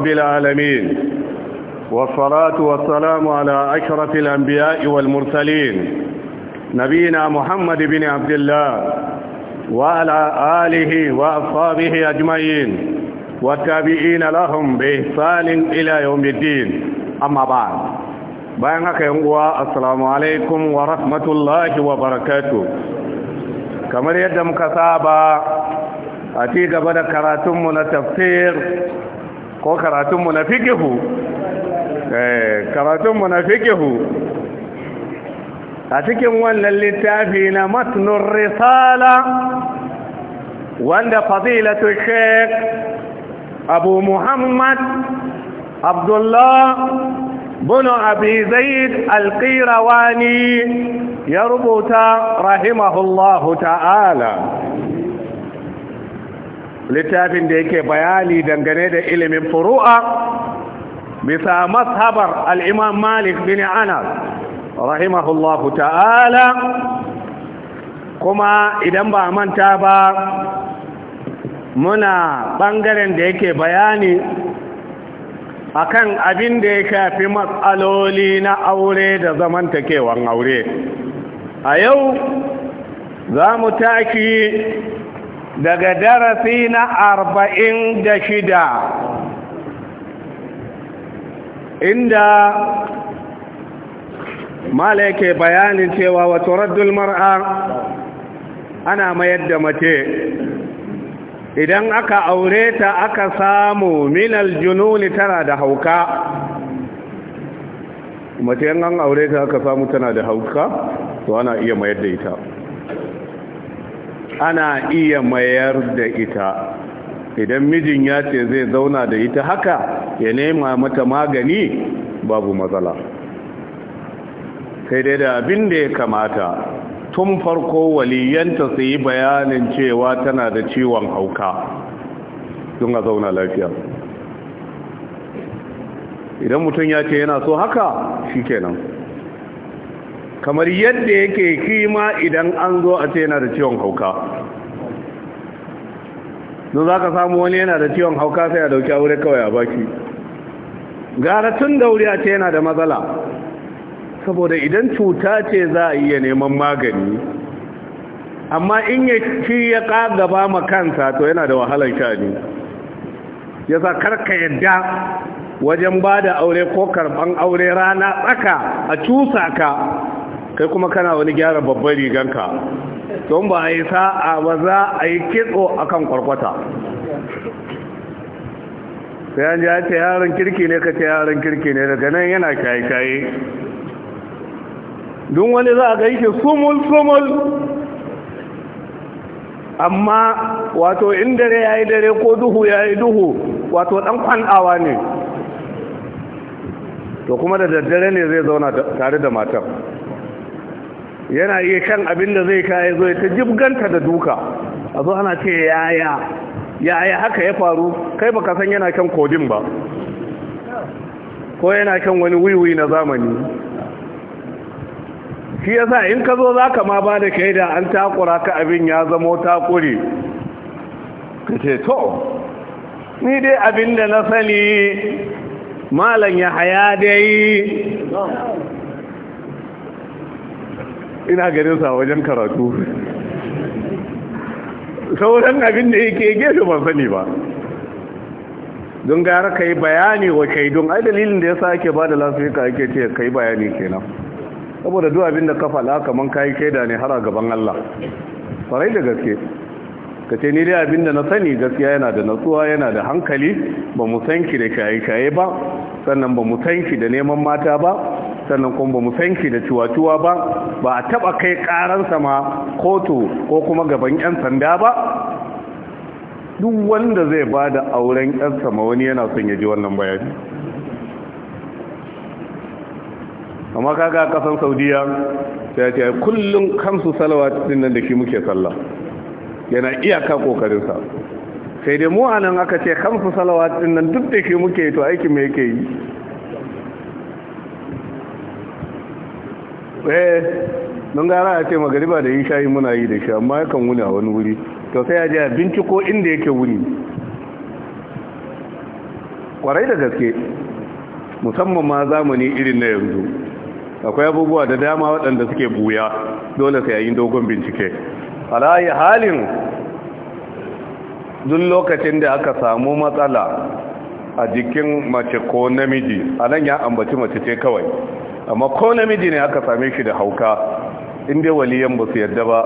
رب العالمين والصلاة والسلام على أشرف الأنبياء والمرسلين نبينا محمد بن عبد الله وعلى آله وأصحابه أجمعين والتابعين لهم بإحسان إلى يوم الدين أما بعد بأن هو السلام عليكم ورحمة الله وبركاته كما يدم كسابا أتيك بدا كراتم من التفسير ko karatun na eh karatun na a cikin wannan littafi na matnur risala wanda fadilatu sheik abu muhammad abdullah bunu abi zaid alƙirawani ya rubuta rahimahullahu ta'ala littafin da yake bayani dangane da ilimin furu'a bisa mashabar al'imam malik bin anas rahimahullahu ta'ala kuma idan ba manta ba muna ɓangaren da yake bayani akan abin da ya kafi matsaloli na aure da zamantakewan aure a yau za mu taki daga darasi na arba'in da shida inda mala yake bayanin cewa wato raddul mar'a ana mayar da mace idan aka aure ta aka samu minal jununi tana da hauka mace an aure ta aka samu tana da hauka to ana iya mayar da ita ana iya mayar da ita idan mijin ya ce zai zauna da ita haka ya nema mata magani babu matsala sai dai da abin da ya kamata tun farko waliyanta su yi bayanin cewa tana da ciwon hauka sun ga zauna lafiya idan mutum ya ce yana so haka shi kenan kamar yadda yake kima idan an zo a ce yana da ciwon hauka don za ka samu wani yana da ciwon hauka sai a dauki aure kawai a baki gara tun da wuri a ce yana da matsala saboda idan cuta ce za a iya neman magani amma in ya ci ya kagaba ma kansa to yana da wahalar shani ya sa karka yadda wajen ba da aure ko karɓan aure rana tsaka a cusa ka kai kuma kana wani gyara babban riganka don ba a yi sa'a ba za a yi kitso a kan kwarkwata sai an ja ce yaran kirki ne ka ce yaran kirki ne daga nan yana kyaye don wani za a ga yake sumul-sumul amma wato in dare ya yi dare ko duhu ya yi duhu wato ɗan kwanawa ne to kuma da daddare ne zai zauna tare da matar yana iya kan abin da zai kaya zo ta jibganta da duka a zo ana ce yaya yaya haka ya faru kai baka san yana kan kodin ba ko yana kan wani wiwi na zamani shi yasa in ka zo za ka ma ba da da an takura ka abin ya zamo takuri ka ce to ni dai abin da na sani malam ya haya dai ina ganin sa wajen karatu sauran abin da yake gefe ban sani ba don gara ka yi bayani wa shaidun ai dalilin da ya sa ake ba da lafiya ake ce ka yi bayani kenan saboda duk abin da ka faɗa kaman ka yi shaida ne har a gaban Allah farai da gaske ka ce ni dai abin da na sani gaskiya yana da natsuwa yana da hankali ba mu san ki da shaye-shaye ba sannan ba mu san ki da neman mata ba sannan kuma ba mu san da ciwa-ciwa ba ba a taba kai karansa ma kotu ko kuma gaban 'yan sanda ba duk wanda zai ba da auren 'yan sama wani yana son ya ji wannan bayani amma kaga kasan saudiya sai ce kullum kamsu salawat din nan da shi muke sallah yana iyaka kokarinsa sai dai mu anan aka ce kamsu salawat din nan duk da shi muke to aikin me yake yi eh don gara a ce magariba da yi shayi muna yi da shi amma yakan wuni a wani wuri to sai ya ji a binciko inda yake wuni kwarai da gaske musamman ma zamani irin na yanzu akwai abubuwa da dama waɗanda suke buya dole sai yayin dogon bincike alayi halin duk lokacin da aka samu matsala a jikin mace ko namiji a nan ya ambaci mace ce kawai amma ko namiji ne aka same shi da hauka inda waliyan ba su yadda ba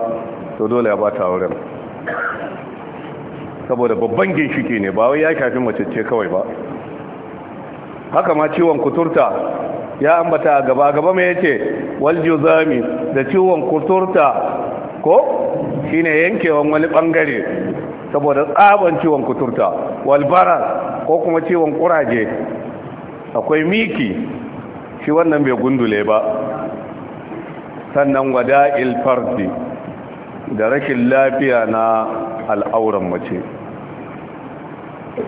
to dole ya bata wurin saboda babban ginshiki ne ba wai ya shafi macece kawai ba haka ma ciwon kuturta ya ambata gaba gaba mai yace wal juzami da ciwon kuturta ko shine yankewan wani bangare saboda tsaban ciwon kuturta walbara ko kuma ciwon kuraje akwai miki shi wannan bai gundule ba sannan wada ilfardi da rashin lafiya na al'auran mace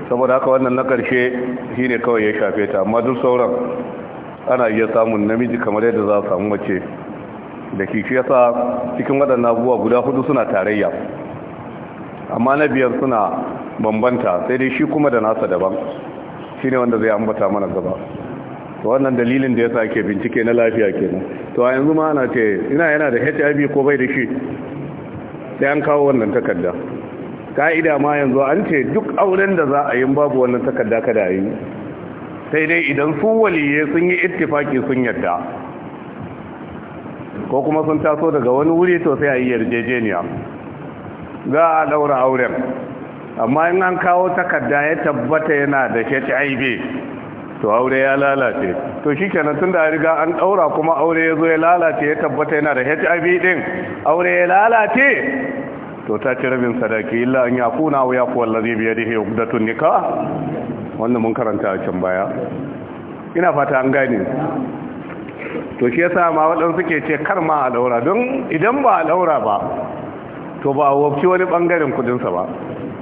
saboda haka wannan na ƙarshe shi ne kawai ya shafe ta amma duk sauran ana iya samun namiji kamar yadda za a samu mace da kishi yasa cikin waɗannan abubuwa guda hudu suna tarayya amma na biyar suna bambanta sai dai shi kuma da nasa daban shi ne wanda zai ambata mana gaba to wannan dalilin da ya sake bincike na lafiya ke nan, to a yanzu ma ana ce ina yana da HIV ko bai da shi sai an kawo wannan takarda ka'ida ma yanzu an ce duk auren da za a yi babu wannan takarda kada a yi sai dai idan su waliye sun yi ittifaki sun yadda ko kuma sun taso daga wani wuri to sai a yi yarjejeniya za a daura auren amma in an kawo takarda ya tabbata yana da HIV to aure ya lalace to shikenan tunda ya riga an daura kuma aure ya zo ya lalace ya tabbata yana da HIV din aure ya lalace to ta ci rabin sadaki illa an yakuna wa yaqu allazi bi yadihi uqdatun nikah wannan mun karanta a can baya ina fata an gane to shi yasa ma waɗansu ke ce kar ma a daura don idan ba a daura ba to ba a wani bangaren kudinsa ba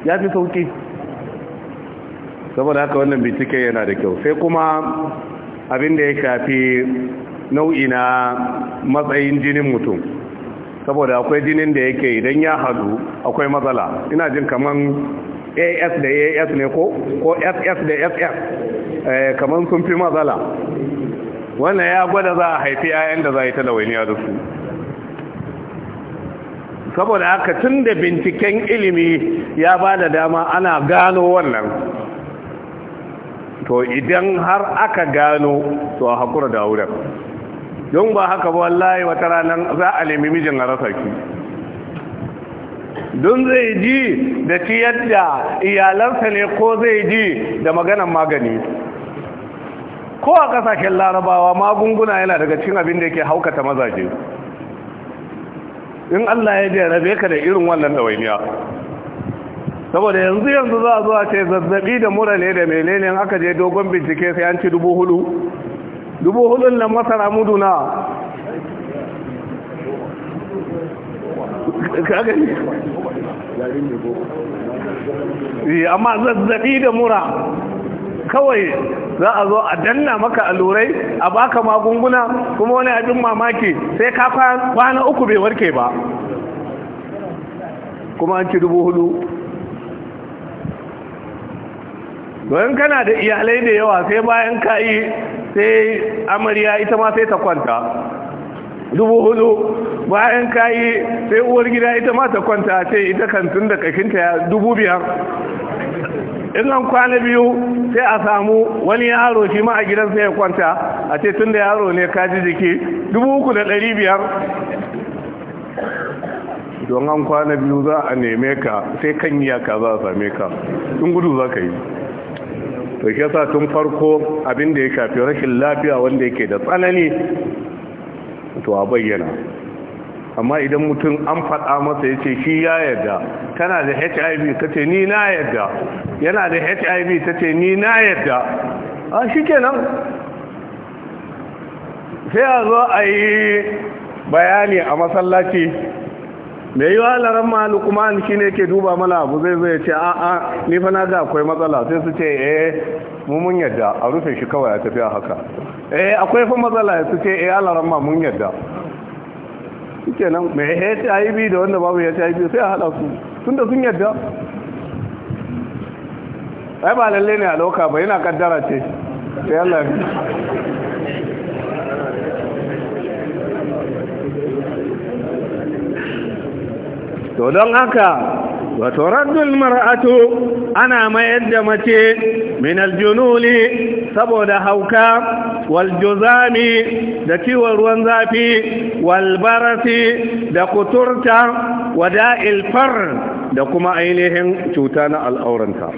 ya fi sauki saboda haka wannan bincike yana da kyau sai kuma abin da ya shafi nau'i na matsayin jinin mutum saboda akwai jinin da yake idan ya hadu akwai matsala ina jin kaman as da as ne ko ko ss da ss eh, kaman sun fi matsala wannan ya gwada za a haifi 'ya'yan da za a yi talawainiya da su saboda haka tun da binciken ilimi ya ba da dama ana gano wannan to idan har aka gano to a haƙura da wurin, don ba haka ba wallahi wata ranar za a nemi mijin a rasa ki don zai ji da ci yadda iyalansa ne ko zai ji da maganan magani ko a kasashen larabawa magunguna yana daga cin abin da yake haukata mazaje in allah ya jarabe ka da irin wannan ɗawainiya saboda yanzu yanzu za a zuwa ce zazzabi da mura ne da menene aka je dogon bincike sai an ci dubu hudu dubu hudun nan masara mudu na eh, amma zazzabi da mura kawai za a zo a danna maka allurai a baka magunguna kuma wani abin mamaki sai ka kwana uku bai warke ba kuma an ci dubu hudu don kana da iyalai da yawa sai bayan ka yi sai amarya ita ma sai ta kwanta dubu hudu bayan ka yi sai uwar gida ita ma ta kwanta ce ita kan tun da kashinta ya dubu biyar in an kwana biyu sai a samu wani yaro shi ma a gidansa ya kwanta a ce tun da yaro ne ka ji jiki dubu uku da ɗari biyar don an kwana biyu za a neme ka sai kan yi ka za a same ka tun gudu za ka yi to shi yasa tun farko abin da ya shafi rashin lafiya wanda yake da tsanani to a bayyana amma idan mutum an faɗa masa ya ce shi ya yarda tana da hiv ta ce ni na yarda yana da hiv ta ce ni na yarda a shi kenan sai a zo a yi bayani a masallaci me yi wa laran malu kuma shi ne ke duba mana abu zai zai ce a a ni fa na ga akwai matsala sai su ce eh mu mun yadda a rufe shi kawai a tafiya haka eh akwai fa matsala su ce eh alaran ma mun yadda suke nan me HIV da wanda babu HIV sai a hada su da sun yadda ai ba lalle ne a dauka ba yana kaddara ce sai Allah ya to don haka wato raddul mar'atu ana mayar da mace min aljunuli saboda hauka wal juzami da ciwon ruwan zafi wal barasi da kuturta wa da'il far da kuma ainihin cuta na al'auranta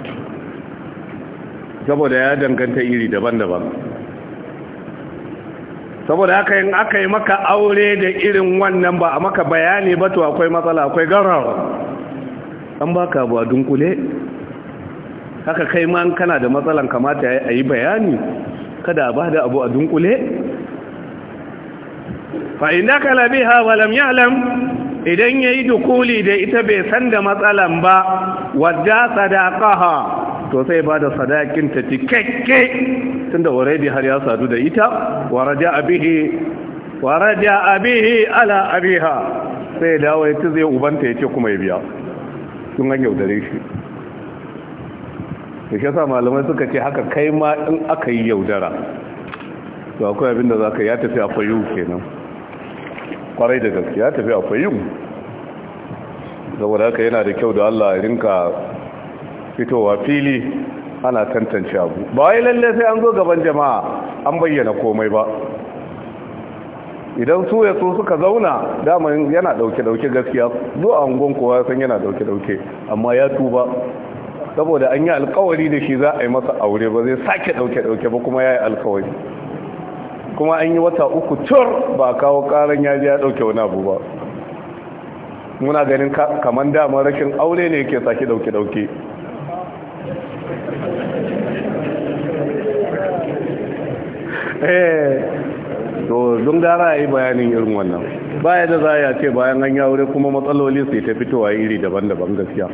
saboda ya danganta iri daban-daban saboda haka in aka yi maka aure da irin wannan ba a maka bayani ba to akwai matsala akwai garar an baka abu a dunkule haka kai ma kana da matsalan kamata a yi bayani kada ba da abu a dunkule fa'in da labi ha walam alam idan ya yi dukuli da ita bai san da matsalan ba wadda ha to sai ba da sadakin ta tun tunda already har ya sadu da ita wa raja'a bihi wa ala abiha sai dawo ya zai ubanta ce kuma ya biya sun an yaudare shi da shi sa malamai suka ce haka kai ma in aka yi yaudara to akwai abinda za ka ya tafi a fayu kenan kwarai da gaske ya tafi a fayu saboda haka yana da kyau da Allah ya rinka fitowa fili ana tantance abu ba wai lalle sai an zo gaban jama'a an bayyana komai ba idan su ya so suka zauna dama yana dauke-dauke gaskiya zo a hangon kowa san yana dauke-dauke amma ya tuba saboda an yi alkawari da shi za a yi masa aure ba zai sake dauke-dauke ba kuma ya yi alkawari kuma an yi wata uku tur ba kawo karan ya ya dauke wani abu ba muna ganin kamar damar rashin aure ne yake sake dauke-dauke Eh. to don gara yi bayanin irin wannan baya da za ya ce bayan an yawure kuma matsaloli sai ta fitowa iri daban-daban gaskiya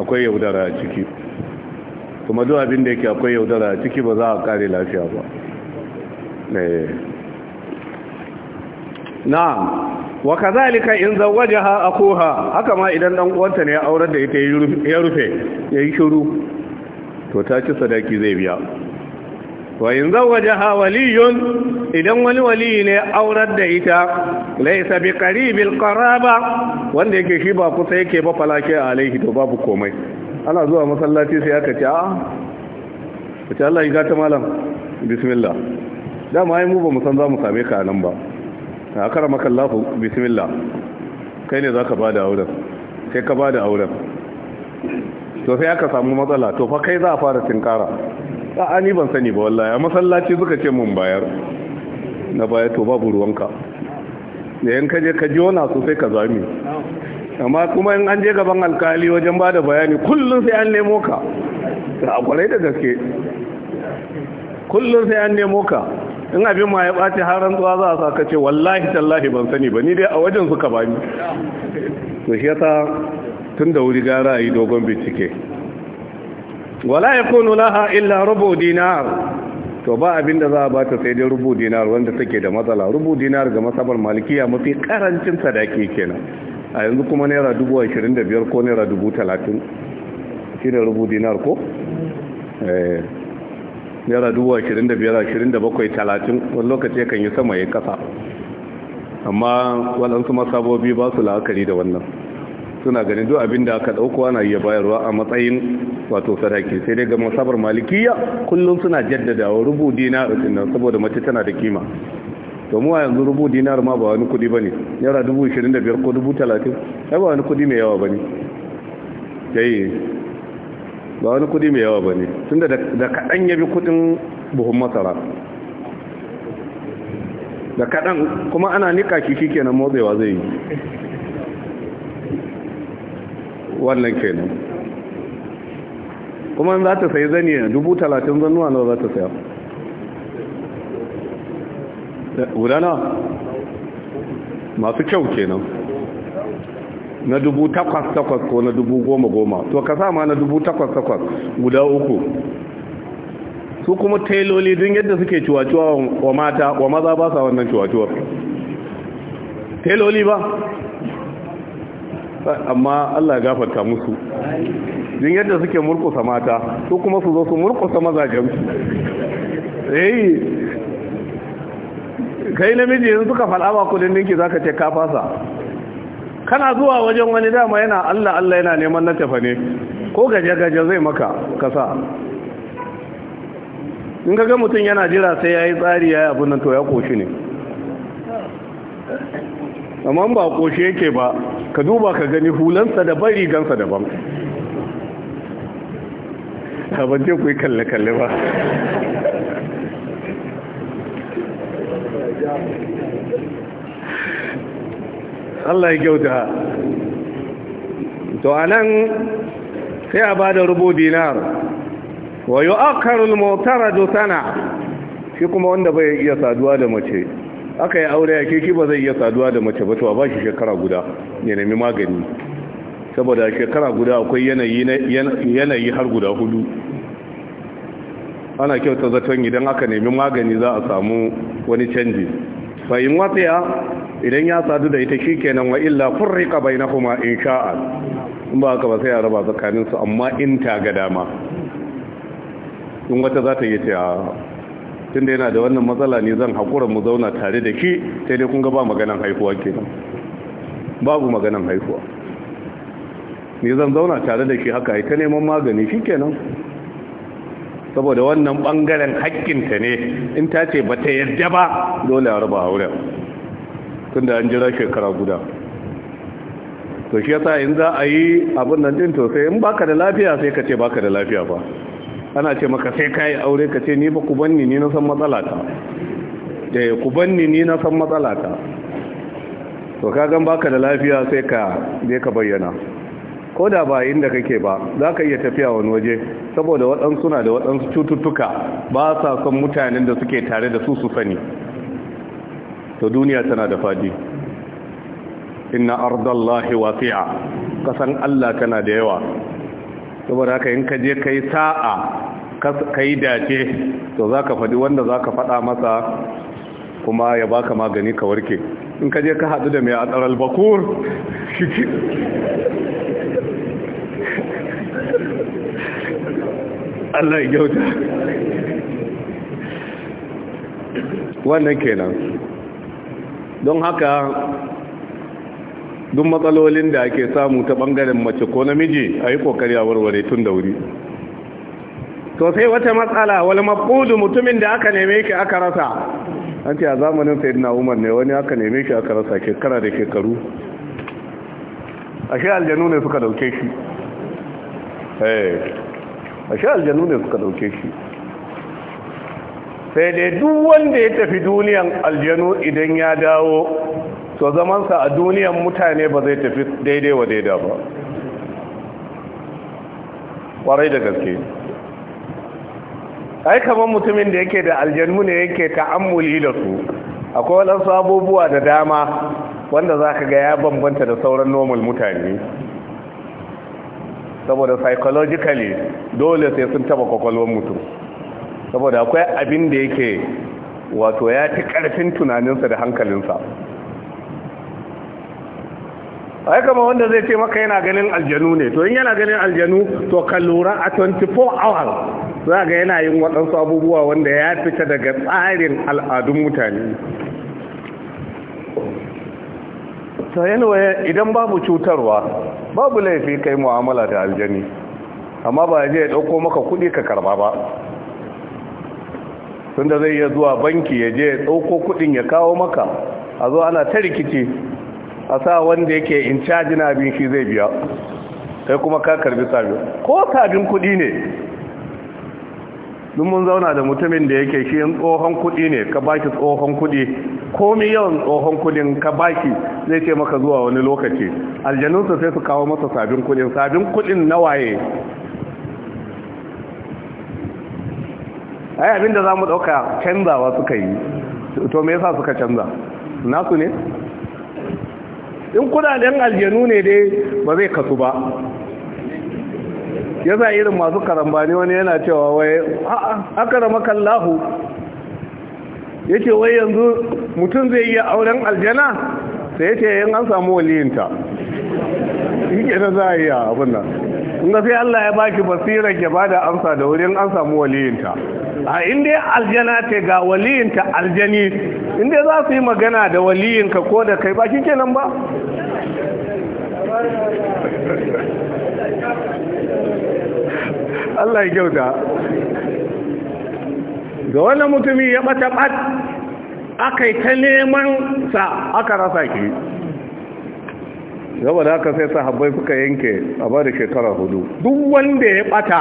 akwai yaudara a ciki kuma duk abin da yake akwai yaudara a ciki ba za a kare lafiya ba eh. Na, wa kazalika in a akuha haka ma idan dan uwanta ne ya aurar da ita ya rufe ya yi shiru to ta ci sadaki zai biya wa in zawwajaha waliyun idan wani wali ne aurar da ita laysa bi qaribil wanda yake shi ba kusa yake ba falake alaihi to babu komai ana zuwa masallaci sai aka ce ah, a ce Allah ya ta malam bismillah dama ai mu ba san za mu same ka nan ba a karama kai ne auren sai ka auren aka samu matsala to fa kai za a fara tinkara a ni ban sani ba wallahi a masallaci suka ce mun bayar na baya to babu ruwanka da yan kaje ka ji su sai ka zami amma kuma in an je gaban alkali wajen ba da bayani kullum sai an nemo ka da akwai da gaske kullum sai an nemo ka in abin ma ya ɓace har rantsuwa za a sa ka ce wallahi tallahi ban sani ba ni dai a wajen suka bani to shi yasa tun da wuri gara a yi dogon bincike wala ya kunu laha illa rubu dinar to ba abin da za a bata sai dai rubu dinar wanda take da matsala rubu dinar ga masabar malikiya mafi karancin sadaki kenan a yanzu kuma naira dubu ashirin da biyar ko naira dubu talatin shi da rubu dinar ko eh, naira dubu ashirin da biyar ashirin da bakwai talatin wani lokaci kan yi sama ya kasa amma waɗansu masabobi ba su la'akari da wannan suna ganin duk abin da aka dauko ana iya bayarwa a matsayin wato sadaki sai dai ga musabar malikiya kullum suna jaddadawa rubu dinar din nan saboda mace tana da kima to mu a yanzu rubu dinar ma ba wani kudi bane yara 25 ko 30 ai ba wani kudi mai yawa bane yayi ba wani kudi mai yawa bane tunda da kadan yabi kudin buhun masara da kadan kuma ana nika shi shikenan motsewa zai yi wannan kenan kuma za ta sai zani dubu talatin zannuwa nawa za ta saya gudana masu kyau kenan na dubu takwas takwas ko na dubu goma goma to ka sama na dubu takwas takwas guda uku su kuma tailoli din yadda suke cuwacuwa wa mata wa maza ba sa wannan cuwacuwar tailoli ba amma Allah ya gafarta musu din yadda suke murkusa mata su kuma su zo su murkusa mazajen su eh kai namiji yanzu suka faɗa ba kudin ninki zaka ce ka fasa kana zuwa wajen wani dama yana Allah Allah yana neman na tafa ne ko gaje gaje zai maka kasa in ga mutum yana jira sai ya yi tsari ya yi abin nan to ya koshi ne amma ba koshe yake ba ka duba ka gani hulansa da bari gansa daban ban je ku yi kalle-kalle ba Allah ya kyauta to anan sai a bada rubu dinar wa yu'akkaru al-mu'taradu sana shi kuma wanda bai iya saduwa da mace aka yi aure ya keke ba zai iya saduwa da mace ba a ba shi shekara guda ya nemi magani saboda shekara guda akwai yanayi har guda hudu ana kyauta zaton idan aka nemi magani za a samu wani canji bayin watsiya idan ya sadu da ita shi kenan wa illa furrika bainahuma in sha'a in ba haka ba sai ya raba tsakaninsu amma in ta ga dama in wata za ta yi ta tunda yana da wannan matsala ne zan haƙura mu zauna tare da ke sai dai kun ga ba maganan haihuwa nan babu maganan haihuwa ni zan zauna tare da shi haka ita neman magani shi kenan. saboda wannan bangaren haƙƙinta ne in ta ce ba ta yadda ba dole a raba auren tunda an jira shekara guda to shi yasa in za a yi abin nan din to sai in baka da lafiya sai ka ce baka da lafiya ba ana ce maka sai ka aure ka ce ni ba ku banni ni na san matsalata da eh, ku banni ni na san matsalata to ka gan baka da lafiya sai ka je ka bayyana ko da ba inda kake ba za ka iya tafiya wani waje saboda waɗansu suna da waɗansu cututtuka ba sa son mutanen da suke tare da su su sani to duniya tana da fadi inna ardallahi wasi'a kasan Allah tana da yawa saboda haka in ka je ka yi sa'a ka yi dace to za ka faɗi wanda za ka faɗa masa kuma ya baka magani ka warke in ka je ka haɗu da mai atsarar bakur Allah ya gyauta wannan kenan don haka duk matsalolin da ake samu ta bangaren mace ko namiji a yi kokari a warware tun da wuri to sai wata matsala wal mafqudu mutumin da aka neme ki aka rasa an ce a zamanin sayyidina Umar ne wani aka neme ki aka rasa shekara da shekaru ashe aljanu ne suka dauke shi eh ashe aljanu ne suka dauke shi sai dai duk wanda ya tafi duniyan aljanu idan ya dawo to zamansa a duniyan mutane ba zai tafi daidai wa daida ba kwarai da gaske ai kamar mutumin da yake da aljannu ne yake ta'ammuli da su akwai waɗansu abubuwa da dama wanda za ka ga ya bambanta da sauran normal mutane saboda psychologically dole sai sun taba kwakwalwar mutum saboda akwai abin da yake wato ya fi ƙarfin tunaninsa da hankalinsa ai kama wanda zai ce maka yana ganin aljanu ne to in yana ganin aljanu to ka lura a 24 hours za ga yana yin waɗansu abubuwa wanda ya fita daga tsarin al'adun mutane ta idan babu cutarwa babu laifi kai mu'amala da aljani amma ba zai ɗauko maka kuɗi ka karba ba tunda zai iya zuwa banki ya je ya ɗauko kuɗin ya kawo maka a zo ana ta rikici a sa wanda yake in caji na abin shi zai biya sai kuma ka karbi sabi ko sabin kudi ne dun mun zauna da mutumin da yake shi yin tsohon kudi ne ka baki tsohon kudi komi yawan tsohon kudin ka baki zai ce maka zuwa wani lokaci aljanunsa sai su kawo masa sabin kudin sabin kudin na waye ai abinda za mu ɗauka canzawa suka yi to me yasa suka canza nasu ne in kudaden aljanu ne dai ba zai kasu ba ya za irin masu karambani wani yana cewa wai aka rama makallahu. ya ce wai yanzu mutum zai iya auren aljana sai ya ce yin an samu waliyinta yake na za a yi abin nan in sai allah ya ki basirar ya ba da amsa da wurin an samu waliyinta a inda aljana ce ga waliyinta aljani inda za su yi magana da waliyinka ko da kai ba shi kenan ba Allah ya kyauta ga wani mutumi ya bata bat aka yi ta neman sa aka rasa ki gaba da aka sai sahabbai suka yanke a ba da shekara hudu duk wanda ya bata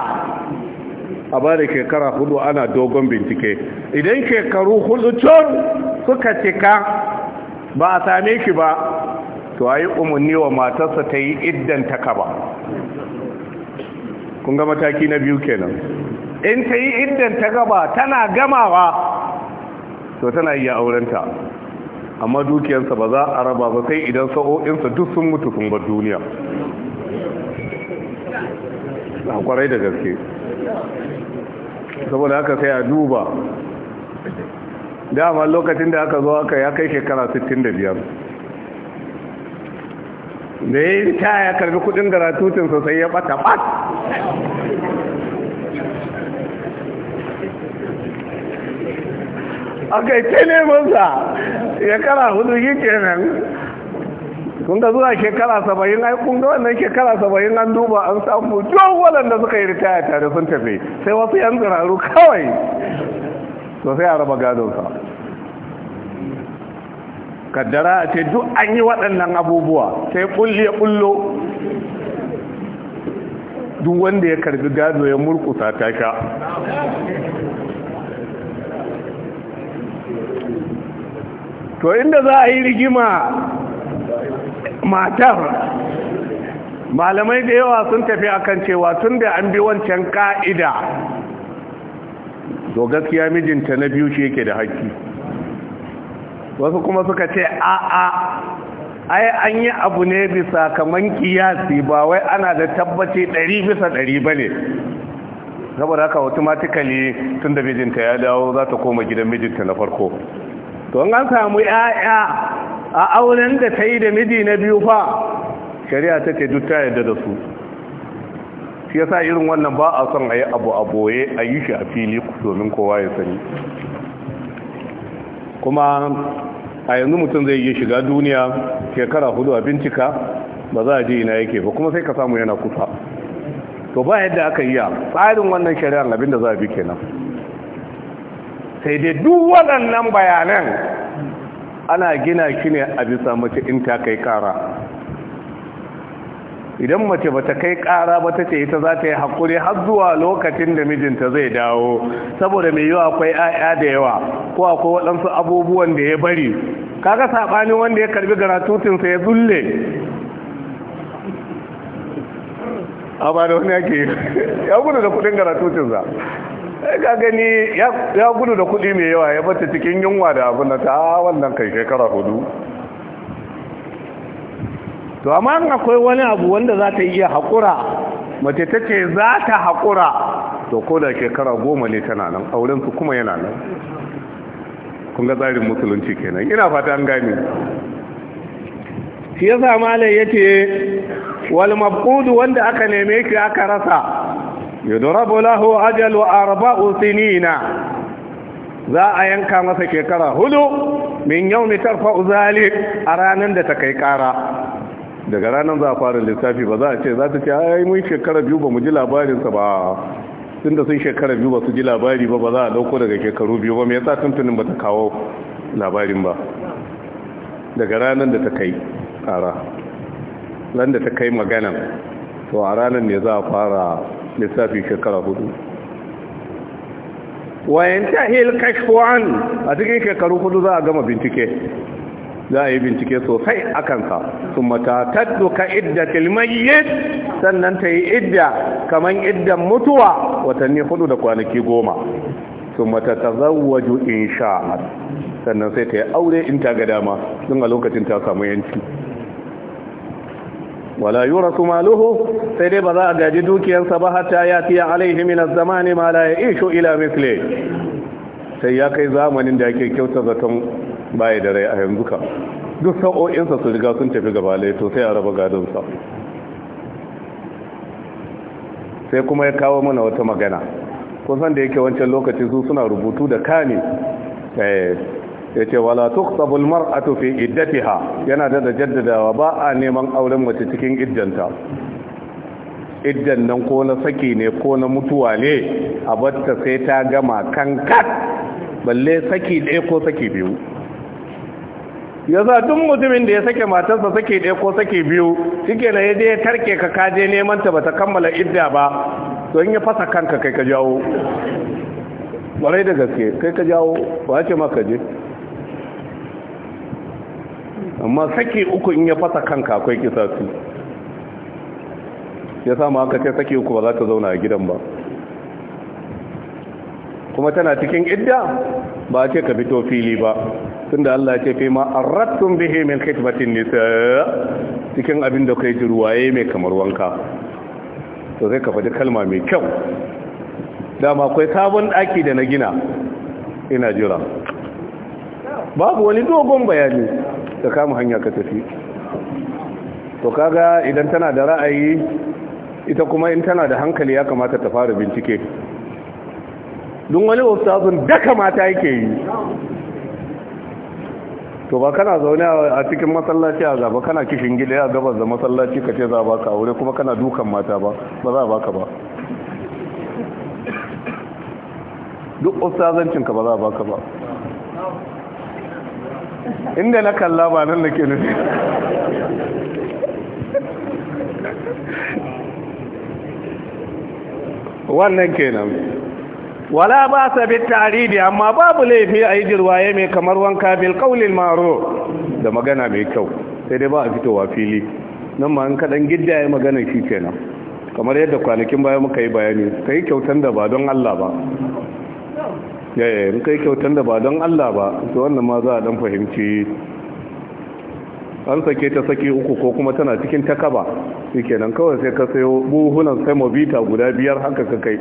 a bada shekara hudu ana dogon bincike idan shekaru hudu cun suka cika ba a same shi ba to a yi umarni wa matarsa ta yi idan ta kaba kun ga mataki na biyu kenan in ta yi idan ta gaba tana gamawa to tana iya aurenta amma dukiyarsa ba za a raba ba sai idan sa'o'insa duk sun mutu sun bar duniya a kwarai da gaske saboda haka sai a duba dama lokacin da aka zo aka ya kai shekara 65 da ya yi ta ya karbi kudin garatutinsa sai ya bata bat aka yi ta nemansa ya kara hudu yi kenan kun ga zuwa shekara saba'in ai kun ga wannan shekara saba'in an duba an samu duk waɗanda suka yi ritaya tare sun tafi sai wasu yan tsiraru kawai to sai a raba gadonsa kaddara a ce duk an yi waɗannan abubuwa sai kulli ya kullo duk wanda ya karbi gado ya murkusa ta sha to inda za a yi rigima matar malamai da yawa sun tafi akan cewa tun da an bi wancan ka'ida to gaskiya mijinta na biyu shi yake da haƙƙi wasu kuma suka ce a'a ai an yi abu ne bisa kaman kiyasi ba wai ana da tabbaci ɗari bisa ɗari ba ne saboda haka automatically tun da mijinta ya dawo za ta koma gidan mijinta na farko to an samu 'ya'ya a auren da ta yi da miji na biyu fa shari'a ta ce duk ta da su shi yasa irin wannan ba a son a yi abu a boye a yi shi a fili domin kowa ya sani kuma a yanzu mutum zai yi shiga duniya shekara hudu a bincika ba za a ji ina yake ba kuma sai ka samu yana kusa to ba yadda aka yi a tsarin wannan shari'ar abin da za a bi kenan sai dai duk waɗannan bayanan ana gina shi ne a bisa mace in ta kai kara idan mace bata kai kara ba ta ce ita za ta yi hakuri har zuwa lokacin da mijinta zai dawo saboda mai yiwa akwai 'ya'ya da yawa ko akwai waɗansu abubuwan da ya bari kaga saɓani wanda ya karbi garatutinsa ya zulle a ba da wani yake ya gudu da kudin garatutinsa ga gani ya gudu da kuɗi mai yawa ya bata cikin yunwa da abin da ta wannan kai shekara hudu to amma an akwai wani abu wanda za ta iya haƙura mace ta ce za ta haƙura to ko da shekara goma ne tana nan su kuma yana nan kun ga tsarin musulunci kenan ina fata an gani shi yasa malai yace wal wanda aka neme shi aka rasa يضرب lahu ajalu arba'u سنين za a yanka masa shekara hudu min yawmi tarfa uzali a ranar da ta kai kara daga ranar za a fara lissafi ba za a ce za ta ce ai mun shekara biyu ba mu ji labarinsa ba tunda sun shekara biyu ba su ji labari ba ba za a dauko daga shekaru biyu ba me yasa tuntunin ba ta kawo labarin ba daga ranar da ta kai kara ran da ta kai magana to a ranar ne za a fara lissafi shekara hudu wayan hil kashfu'an a cikin shekaru hudu za a gama bincike za a yi bincike sosai a kansa sun matataddu ka idda mayyit sannan ta yi idda kamar iddan mutuwa watanni hudu da kwanaki goma sun mata matatazawwaju sha'ad sannan sai ta yi aure in ta ga dama don a lokacin ta samu yanci wala kuma maluhu sai dai ba za a gaji dukiyarsa ba hatta ya fiye alaihi min zamani ma la ya'ishu ila mithli sai ya kai zamanin da yake kyauta zaton baya da rai a yanzu ka duk sa'o'insa su riga sun tafi gaba to sai a raba gadonsa sai kuma ya kawo mana wata magana kusan da yake wancan lokaci su suna rubutu da kani. Eh, Ya ce wala tuktabul mar'atu fi iddatiha yana da jaddadawa ba a neman auren mace cikin iddanta iddan nan ko na saki ne ko na mutuwa ne a batta sai ta gama kankat balle saki ɗaya ko saki biyu ya za tun mutumin da ya sake matarsa sake ɗaya ko sake biyu shike na yadda ya karke ka kaje neman ta bata kammala idda ba to in ya fasa kanka kai ka jawo ɓarai da gaske kai ka jawo ba ce maka je amma sake uku in ya fasa kanka akwai kisasi ya samu aka ce sake uku ba za ta zauna a gidan ba kuma tana cikin idda ba ce ka fito fili ba tun da Allah ya ce fi ma arratum bihi min khitbatin nisa cikin abin da kai ruwaye mai kamar wanka to zai ka faɗi kalma mai kyau dama akwai sabon ɗaki da na gina ina jira babu wani dogon bayani da kama hanya ka tafi to kaga idan tana da ra'ayi ita kuma in tana da hankali ya kamata ta fara bincike don wani ustazun da kamata yake yi to ba kana zaune a cikin masallaci a gaba kana kishin gida a gabas da masallaci ka ce za ba ka aure kuma kana dukan mata ba ba za ba ka ba duk ustazancinka ba za ba ka ba inda na kalla ba nan da ke nufi wannan kenan wala ba sa bi taridi amma babu laifi a yi jirwaye mai kamar wanka bil kaulil maro da magana mai kyau sai dai ba a fitowa fili nan ma an kaɗan gidda ya magana shi kenan kamar yadda kwanakin baya muka yi bayani ka yi kyautan da ba don Allah ba Eh, in kai kyautan da ba don Allah ba to wannan ma za a dan fahimci an sake ta sake uku ko kuma tana cikin takaba nan kawai sai ka sayo buhunan semovita guda biyar haka ka kai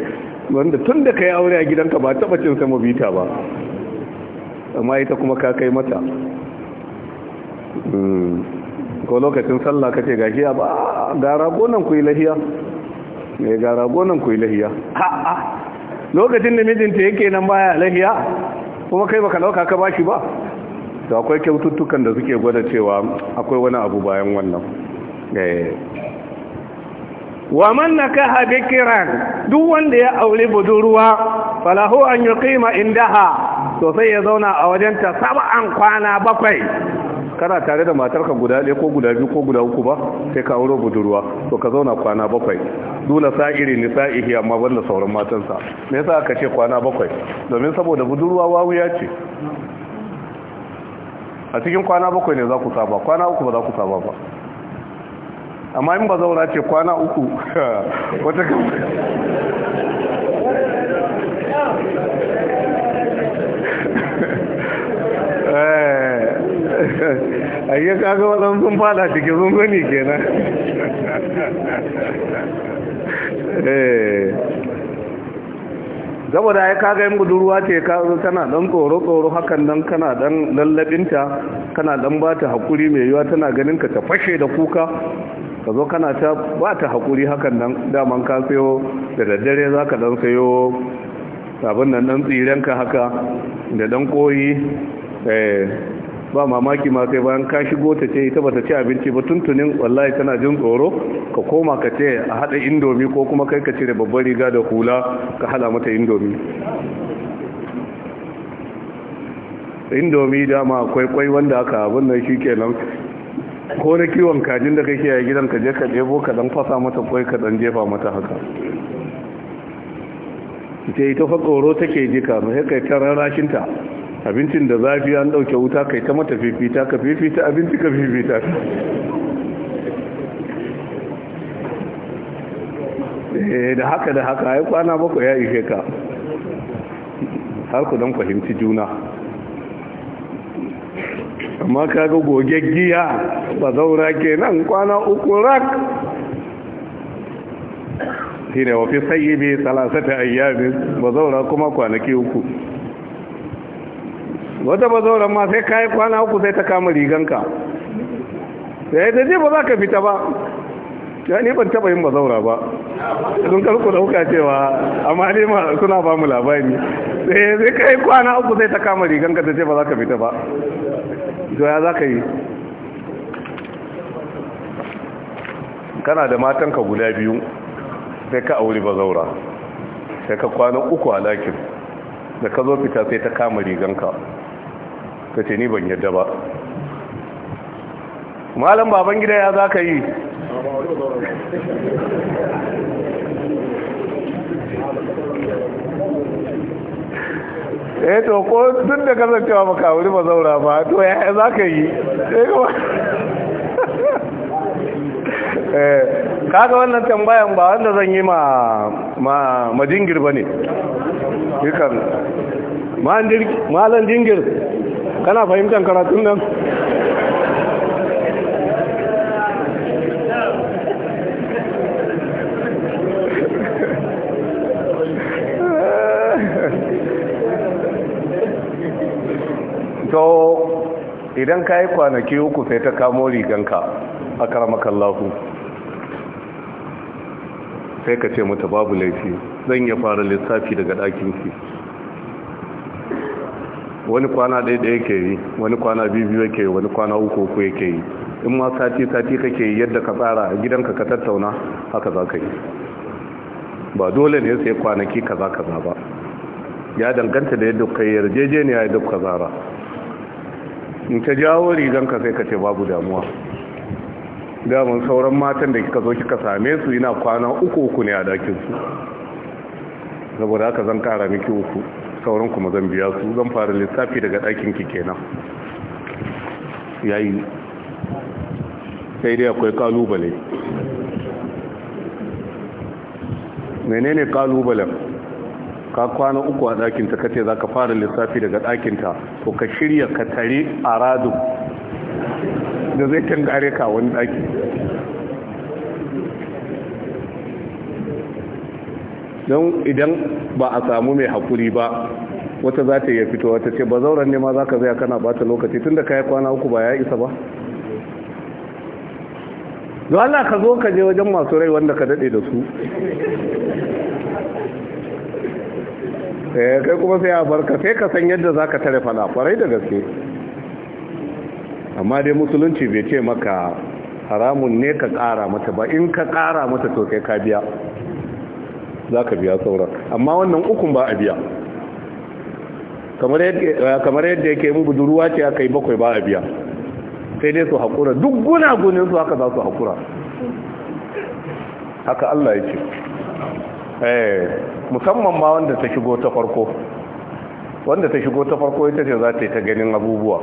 wanda tun da ka yi aure a gidanka ba taba cin semovita ba amma ita kuma ka kai mata hmm. ko lokacin sallah kace gashi a ba gara gonan ku yi lahiya ne eh, gara gonan ku yi lahiya ha lokacin da mijinta yake nan baya lahiya kuma kai baka dauka ka bashi ba to akwai kyaututtukan da suke gwada cewa akwai wani abu bayan wannan eh. wa man nakaha bikran duk wanda ya aure budurwa falahu an yuqima indaha to sai ya zauna a wajenta sab'an kwana bakwai kana tare da matarka guda ɗaya ko guda biyu ko guda uku ba sai ka auro budurwa to ka zauna kwana bakwai dole sa'iri ni sa'ihi amma da sauran matansa me yasa aka ce kwana bakwai domin saboda budurwa wawu ya ce a cikin kwana bakwai ne za ku saba kwana uku ba za ku saba ba amma in ba zauna ce kwana uku wata ayya kaga waɗansu sun fada cikin sun gani kenan eh. saboda ya kaga yin budurwa ce tana dan tsoro-tsoro hakan nan kana dan lallabinta kana dan ba ta haƙuri mai yiwa tana ganin ka ta fashe da kuka ka zo kana ta ba ta haƙuri hakan nan daman ka sayo da daddare za ka dan sayo abin nan dan tsirenka haka da dan koyi eh. ba mamaki ma sai bayan ka shigo ta ce ita bata ci abinci ba tuntunin wallahi tana jin tsoro ka koma ka ce a hada indomi ko kuma kai ka cire babbar riga da hula ka hala mata indomi indomi dama akwai kwai wanda aka abin nan kenan. ko na kiwon kajin da kake a gidan ka je ka jebo ka dan fasa mata kwai ka dan jefa mata haka ita ita fa tsoro take jika mu sai kai rashinta. abincin da zafi an dauke wuta kai ta mata fifita ka fifita abinci ka fifita eh, da haka da haka ya kwana bako ya ishe ka har ku don fahimci juna amma kaga giya ba zaura kenan kwana uku rak shine wafi sayyibi salasata ayyamin ba zaura kuma kwanaki uku wata bazauran ma sai kayi kwana uku sai ta kama riganka sai ya je ba za ka fita ba ya ne ban taba yin zaura ba sun karku dauka cewa amma ne ma suna ba mu labari eh, sai sai kai kwana uku sai ta kama riganka ta ce ba za ka fita ba to ya za ka yi kana da matanka guda biyu sai ka auri zaura sai ka kwana uku a lakin da ka zo fita sai ta kama riganka ta ce ni ban yadda ba malam baban gida ya za ka yi eh to ko duk da kasancewa baka wuri ba zaura ba to ya za ka yi eh, eh, kaga wannan tambayan ba wanda zan yi ma ma ba ne? dukan malan jingir kana fahimtar karatun nan to idan ka yi kwanaki uku sai ta kamo riganka a karamakan lafu sai ka ce mata babu laifi zan iya fara lissafi daga ɗakinki wani kwana ɗaya ɗaya ke yi wani kwana biyu biyu yake yi wani kwana uku uku yake yi in ma sati sati kake yi yadda ka tsara gidanka ka tattauna haka za ka yi ba dole ne sai kwanaki kaza kaza ba ya danganta da yadda kai yarjejeniya ya duk kazara in ta jawo riganka sai ka ce babu damuwa damun sauran matan da kika zo kika same su yana kwana uku uku ne a su saboda haka zan kara miki uku sauran kuma zan biya su zan fara lissafi daga ɗakin ki kenan yayi sai dai akwai kalubale menene kalubale ka kwana uku a ɗakinta kace za ka fara lissafi daga ɗakinta to ka shirya ka tare a da zai tangare ka wani ɗaki don idan ba a samu mai hakuri ba wata za ta iya fito wata ce ba zauren ne ma za ka zai kana bata lokaci tun da ka kwana uku ba ya isa ba don Allah ka zo ka je wajen masu rai wanda ka daɗe da su eh, kai kuma sai a barka sai ka san yadda za ka tare fana kwarai da gaske amma dai musulunci bai ce maka haramun ne ka ƙara mata ba in ka ƙara mata to kai ka biya za ka biya sauran amma wannan ukun ba a biya kamar yadda yake yin budurwa ce aka yi bakwai ba a biya sai dai su haƙura duk gunagunin su haka za su haƙura haka Allah ya ce eh, musamman ma wanda ta shigo ta farko wanda ta shigo ta farko ita ce za ta yi ta ganin abubuwa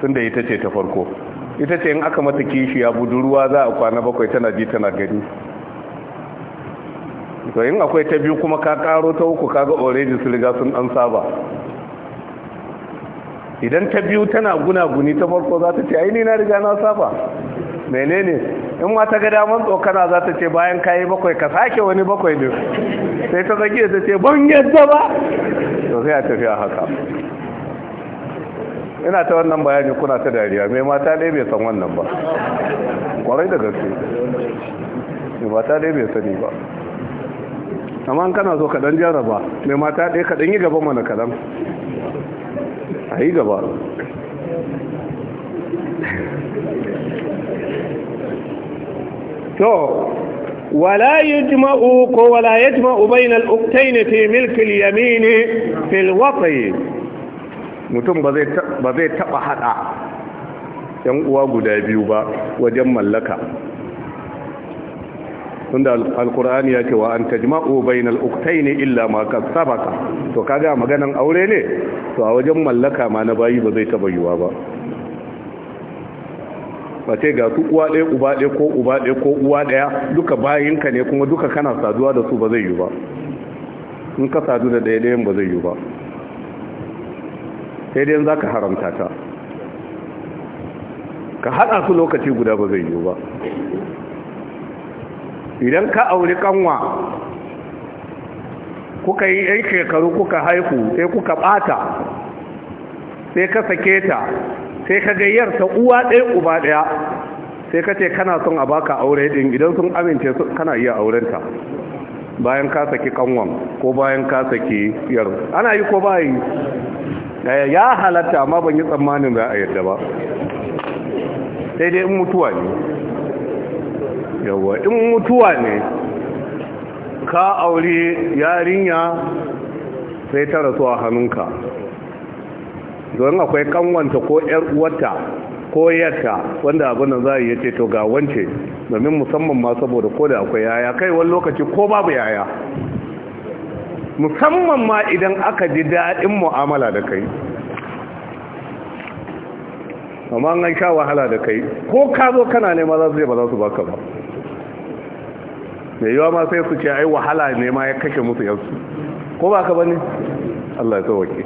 tun da ita ce ta farko ita ce in aka mata kishiya budurwa za a kwana bakwai tana ji tana gani to yin akwai ta biyu kuma ka karo ta uku kaga already su riga sun dan saba idan ta biyu tana gunaguni ta farko za ta ce aini na riga na saba menene in ma ta ga daman tsokana za ta ce bayan kayi bakwai ka sake wani bakwai ne sai ta zage ta ce ban yadda ba to sai a tafi a haka ina ta wannan bayani kuna ta dariya mai mata dai bai san wannan ba kwarai da gaske mai mata dai bai sani ba amma kana zo kadan jaraba. jarraba mai mata ɗaya kadan yi gaba mana kadan a yi gaba to wala jima'u ko wala yajma'u bainal uktayn fi milk al fil fi al mutum ba zai ba zai taba hada yan uwa guda biyu ba wajen mallaka tunda alkur'ani ya ce wa an tajma'u bainal ne illa ma qad to kaga maganan aure ne to a wajen mallaka ma na bayi ba zai taba yiwa ba ba ce ga su uwa ɗaya uba ɗaya ko uba ɗaya ko uwa ɗaya duka bayinka ne kuma duka kana saduwa da su ba zai yiwu ba in ka sadu da ɗaya ɗayan ba zai yiwu ba sai dai za ka haramta ta ka haɗa su lokaci guda ba zai yiwu ba idan ka auri kanwa kuka yi yan shekaru kuka haihu sai kuka bata sai ka sake ta sai ka gayyar ta uwa ɗaya uba ɗaya sai ka ce kana son a baka aure din idan sun amince kana iya aurenta bayan ka saki kanwan ko bayan ka saki yar ana yi ko bayi eh, ya halatta amma ban yi tsammanin za a yadda ba sai dai in mutuwa ne yawa in mutuwa ne ka aure yarinya sai ta rasu a hannunka don akwai kanwanta ko yar uwarta ko yarta wanda abin da za a yi ce ga wance domin musamman ma saboda ko akwai yaya kai wani lokaci ko babu yaya musamman ma idan aka ji daɗin mu'amala da kai amma an sha wahala da kai ko ka zo kana nema za su je ba za su baka ba mai yiwa ma sai su ce ai wahala ne ma ya kashe musu yansu ko ba ka bane Allah ya tsawake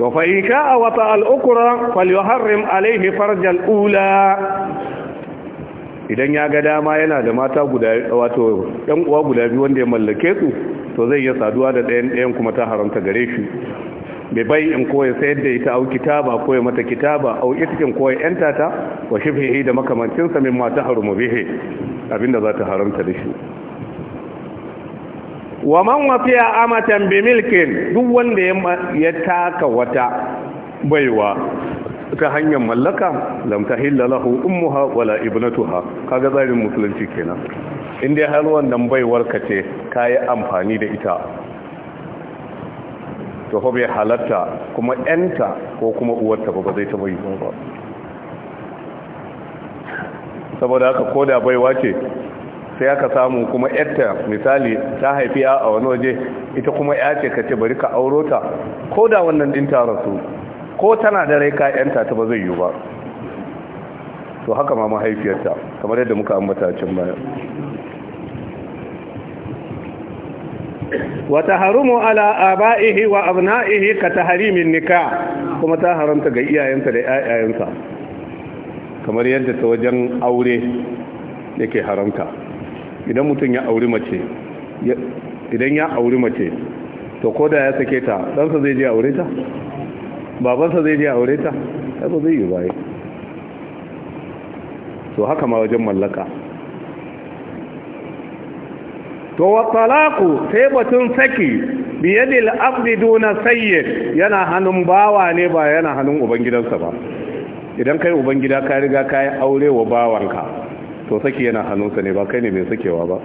wa fa in a wa ta'al ukra falyuharrim alaihi farjal ula idan ya ga dama yana da mata guda wato ɗan uwa guda biyu wanda ya mallake su to zai iya saduwa da ɗayan ɗayan kuma ta haramta gare shi bai bai in koya sayar da ita au kitaba ya mata kitaba au itkin koya yanta ta wa shibhihi da makamancinsa mimma ta mu bihi abinda za ta haramta da shi wa man wafiya amatan bi milkin duk wanda ya taka wata baiwa ta hanyar mallaka lam tahilla lahu ummuha wala ibnatuha kaga tsarin musulunci kenan in dai har wannan baiwar ka ce kayi amfani da ita to hobe bai halatta kuma yanta ko kuma uwarta ba zai ta yi ba saboda haka ko da baiwa ce sai aka samu kuma yarta misali ta haifi a wani waje ita kuma ya ce ka ce bari ka auro ta ko da wannan din ta rasu ko tana da rai ka yanta ta ba zai yi ba to haka ma mahaifiyarta kamar yadda muka ambata can baya wata harumu ala aba'ihi wa abna'ihi ka taharimin nika kuma ta haramta ga iyayensa da 'ya'yayensa kamar yadda ta wajen aure yake haramta idan mutum ya auri mace idan ya auri mace to ko da ya sake ta ɗansa zai je aure ta babansa zai je aure ta ba zai yi baya to haka ma wajen mallaka to wa talaku sai batun saki biyadil abdi duna sayyid yana hannun bawa ne ba yana hannun ubangidansa ba idan kai ubangida ka riga ka yi aure wa bawanka to saki yana hannunsa ne ba kai ne mai sakewa ba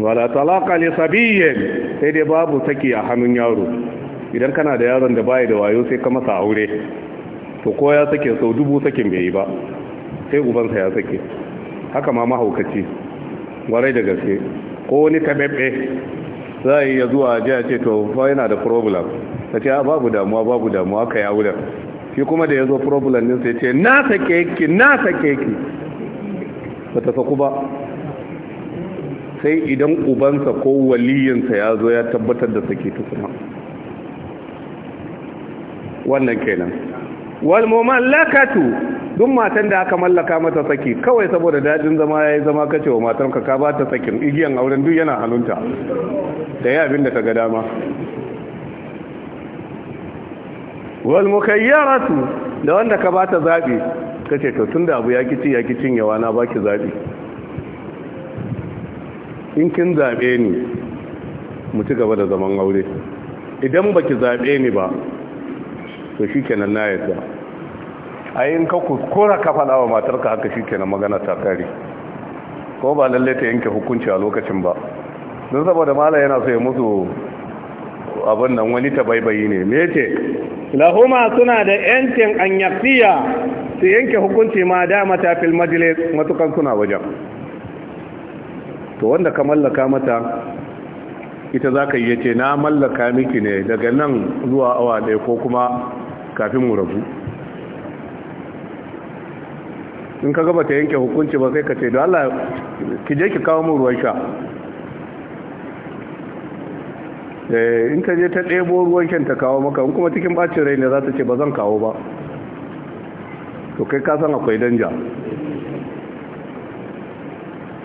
wala talaka li sabiyyin sai dai babu saki a hannun yaro idan kana da yaron da bai da wayo sai ka masa aure to ko ya sake sau dubu sakin bai yi ba sai ubansa ya sake haka ma mahaukaci warai da gaske ko wani tabebbe za a yi ya zuwa a ce to fa yana da problem ta ce babu damuwa babu damuwa ka ya wurin shi kuma da ya zo problem ɗinsa ya ce na sake ki na sake ki ba ta saku ba sai idan ubansa ko waliyinsa ya zo ya tabbatar da sake tukuna wannan kenan wal Lakatu duk matan da aka mallaka mata saki kawai saboda daɗin zama ya yi zama kace wa matarka ka ba ta sakin igiyan auren duk yana halunta da yayi abin da ta ga dama wal mukayyaratu da wanda ka bata zabi kace to tunda abu ya kici ya kicin yawa na baki zabi in kin zabe ni mu ci gaba da zaman aure idan baki zabe ni ba to shikenan na yadda ayin in ka kuskura ka fada wa matarka haka shikenan magana ta kare ko ba lalle ta yanke hukunci a lokacin ba don saboda mala yana so ya mutu. abin nan wani tabaibayi ne me ce lahuma suna da yancin anyafiya su yanke hukunci ma da ta fil majalis matukan suna wajen to wanda ka mallaka mata ita za ka yi ce na mallaka miki ne daga nan zuwa awa ɗaya ko kuma kafin mu rabu in ka gaba ta yanke hukunci ba sai ka ce da Allah ki je ki kawo mu ruwan sha Eh, in ta je ta ɗebo ruwan kyan ta kawo maka in kuma cikin ɓacin rai ne za ta ce ba zan kawo ba to kai kasan akwai danja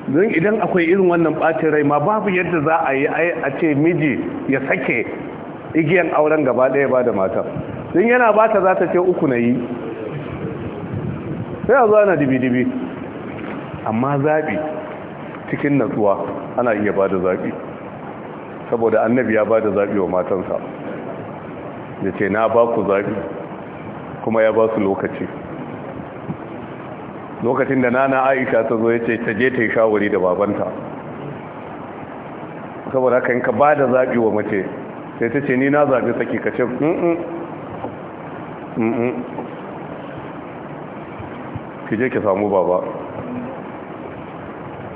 don idan akwai irin wannan ɓacin rai ma babu yadda za a yi a ce miji ya sake igiyan auren gaba ɗaya ba da mata don yana ba ta za ta ce uku na yi sai a zuwa na dibi-dibi amma zaɓi cikin natsuwa ana iya ba da zaɓi saboda annabi ya ba da zaɓi wa matansa da ce na ba ku zaɓi kuma ya ba su lokaci lokacin da nana aisha ta zo ya ce ta je ta yi shawari da babanta saboda haka yanka ba da zaɓi wa mace sai ta ce ni na zaɓi saki ka ce ki je ki samu baba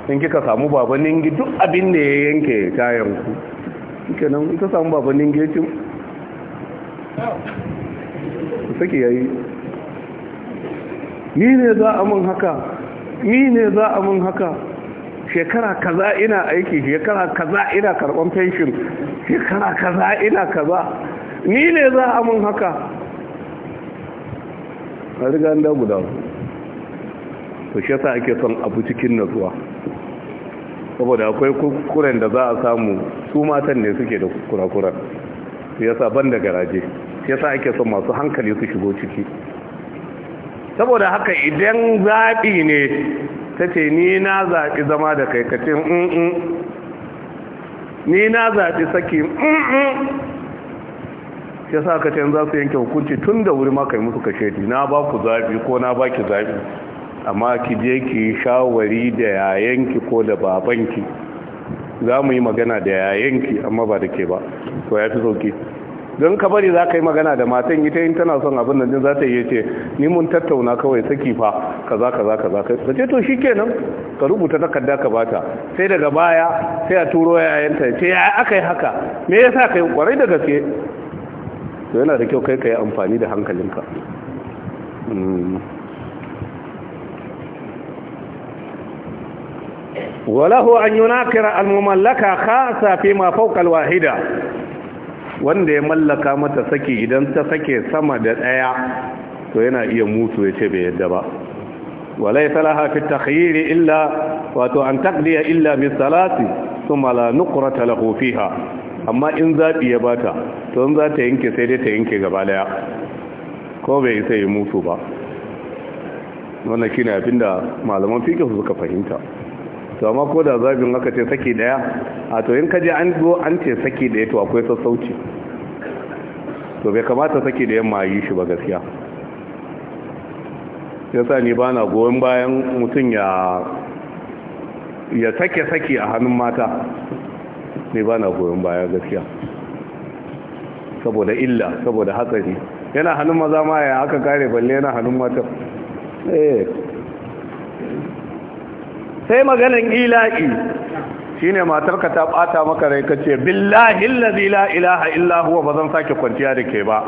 in kika samu baba ningi duk abin da ya yanke tayanku suke nan ita samu babanin gecin sake yayi ni ne za a mun haka ni ne za a mun haka shekara kaza ina aiki shekara kaza ina karɓon fenshin, shekara kaza ina kaza ni ne za a mun haka a riga an damu damu shi ta ake son abu cikin nazuwa saboda akwai kukuren da za a samu su matan ne suke da kurakuran su sa ban da garaje ya sa ake son masu hankali su shigo ciki saboda haka idan zaɓi ne ta ce ni na zaɓi zama da kaikacin un-un, mm, mm, mm. ni na zaɓi saki un ya sa kacin za su yanke hukunci tun da wuri maka yi musu kashe na ba ku zaɓi ko na ba ki zaɓi amma ki je ki shawari da yayanki ko da babanki za mu yi magana da yayanki amma ba da ke ba to ya fi sauki don ka bari za ka yi magana da matan ita in tana son abin da za ta yi ce ni mun tattauna kawai saki fa kaza kaza kaza ka ce to shikenan ka rubuta takarda ka bata sai daga baya sai a turo yayanta ce ya aka yi haka me yasa ka yi kwarai da gaske to yana da kyau kai ka yi amfani da hankalinka hmm. walahu an yi nakira almumallaka kasa fi mafaukal wahida wanda ya mallaka mata saki idan ta sake sama da ɗaya, to yana iya mutu ya ce bai yadda ba walai talaha fi takhiri illa wato an takdiya illa misalati su mala nukura talahu amma in zaɓi ya bata to in za ta yanke sai dai ta yanke gaba daya ko bai sai ya mutu ba wannan kina abinda malaman fiƙe suka fahimta to amma ko da zabin aka ce saki daya a to in kaje an zo an ce saki daya to akwai sassauci to bai kamata saki da yamma yi shi ba gaskiya yasa ni ba na goyon bayan mutum ya ya sake saki a hannun mata ni ba na goyon baya gaskiya saboda illa saboda hatsari yana hannun maza ma ya aka kare balle yana hannun mata eh sai maganin ila'i Shi shine matarka ta ɓata maka rai ce billahi la ilaha illa huwa zan sake kwanciya da ke ba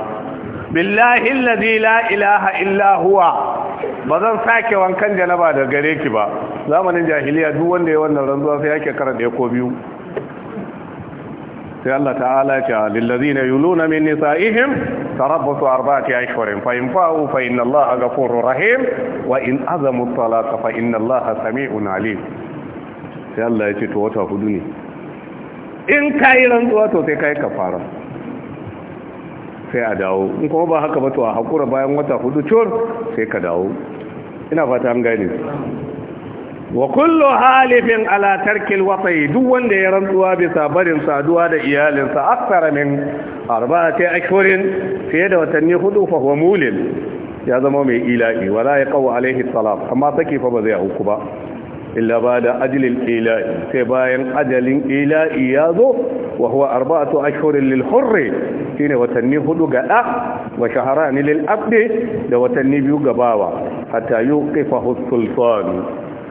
billahi la ilaha illa huwa bazan sake wankan janaba da gare ki ba zamanin jahiliya duk wanda ya wannan ranzuwa sai yake karanta ko biyu sai Allah ta'ala ce lillazina yuluna min nisa'ihim tarabbasu arba'ati ashhurin fa in fa'u fa inna Allaha ghafurur rahim wa in azamu talata fa inna Allaha sami'un alim sai Allah ya ce to wata hudu ne in kai rantsuwa to sai kai kafara sai a dawo in kuma ba haka ba to a hakura bayan wata hudu cur sai ka dawo ina fata an gane wa kullu halifin ala tarkil duk wanda ya rantsuwa bisa barin saduwa da iyalinsa aksara min arba'ati ashhurin fiye da watanni hudu fa huwa mulil ya zama mai ila'i wala ya qawa alaihi salam amma saki fa ba zai hauku ba illa ba da ajalin ila'i sai bayan ajalin ila'i ya zo wa huwa arba'atu ashhurin lil hurri shine watanni hudu ga da wa shaharani lil abdi da watanni biyu ga bawa hatta yuqifahu sultan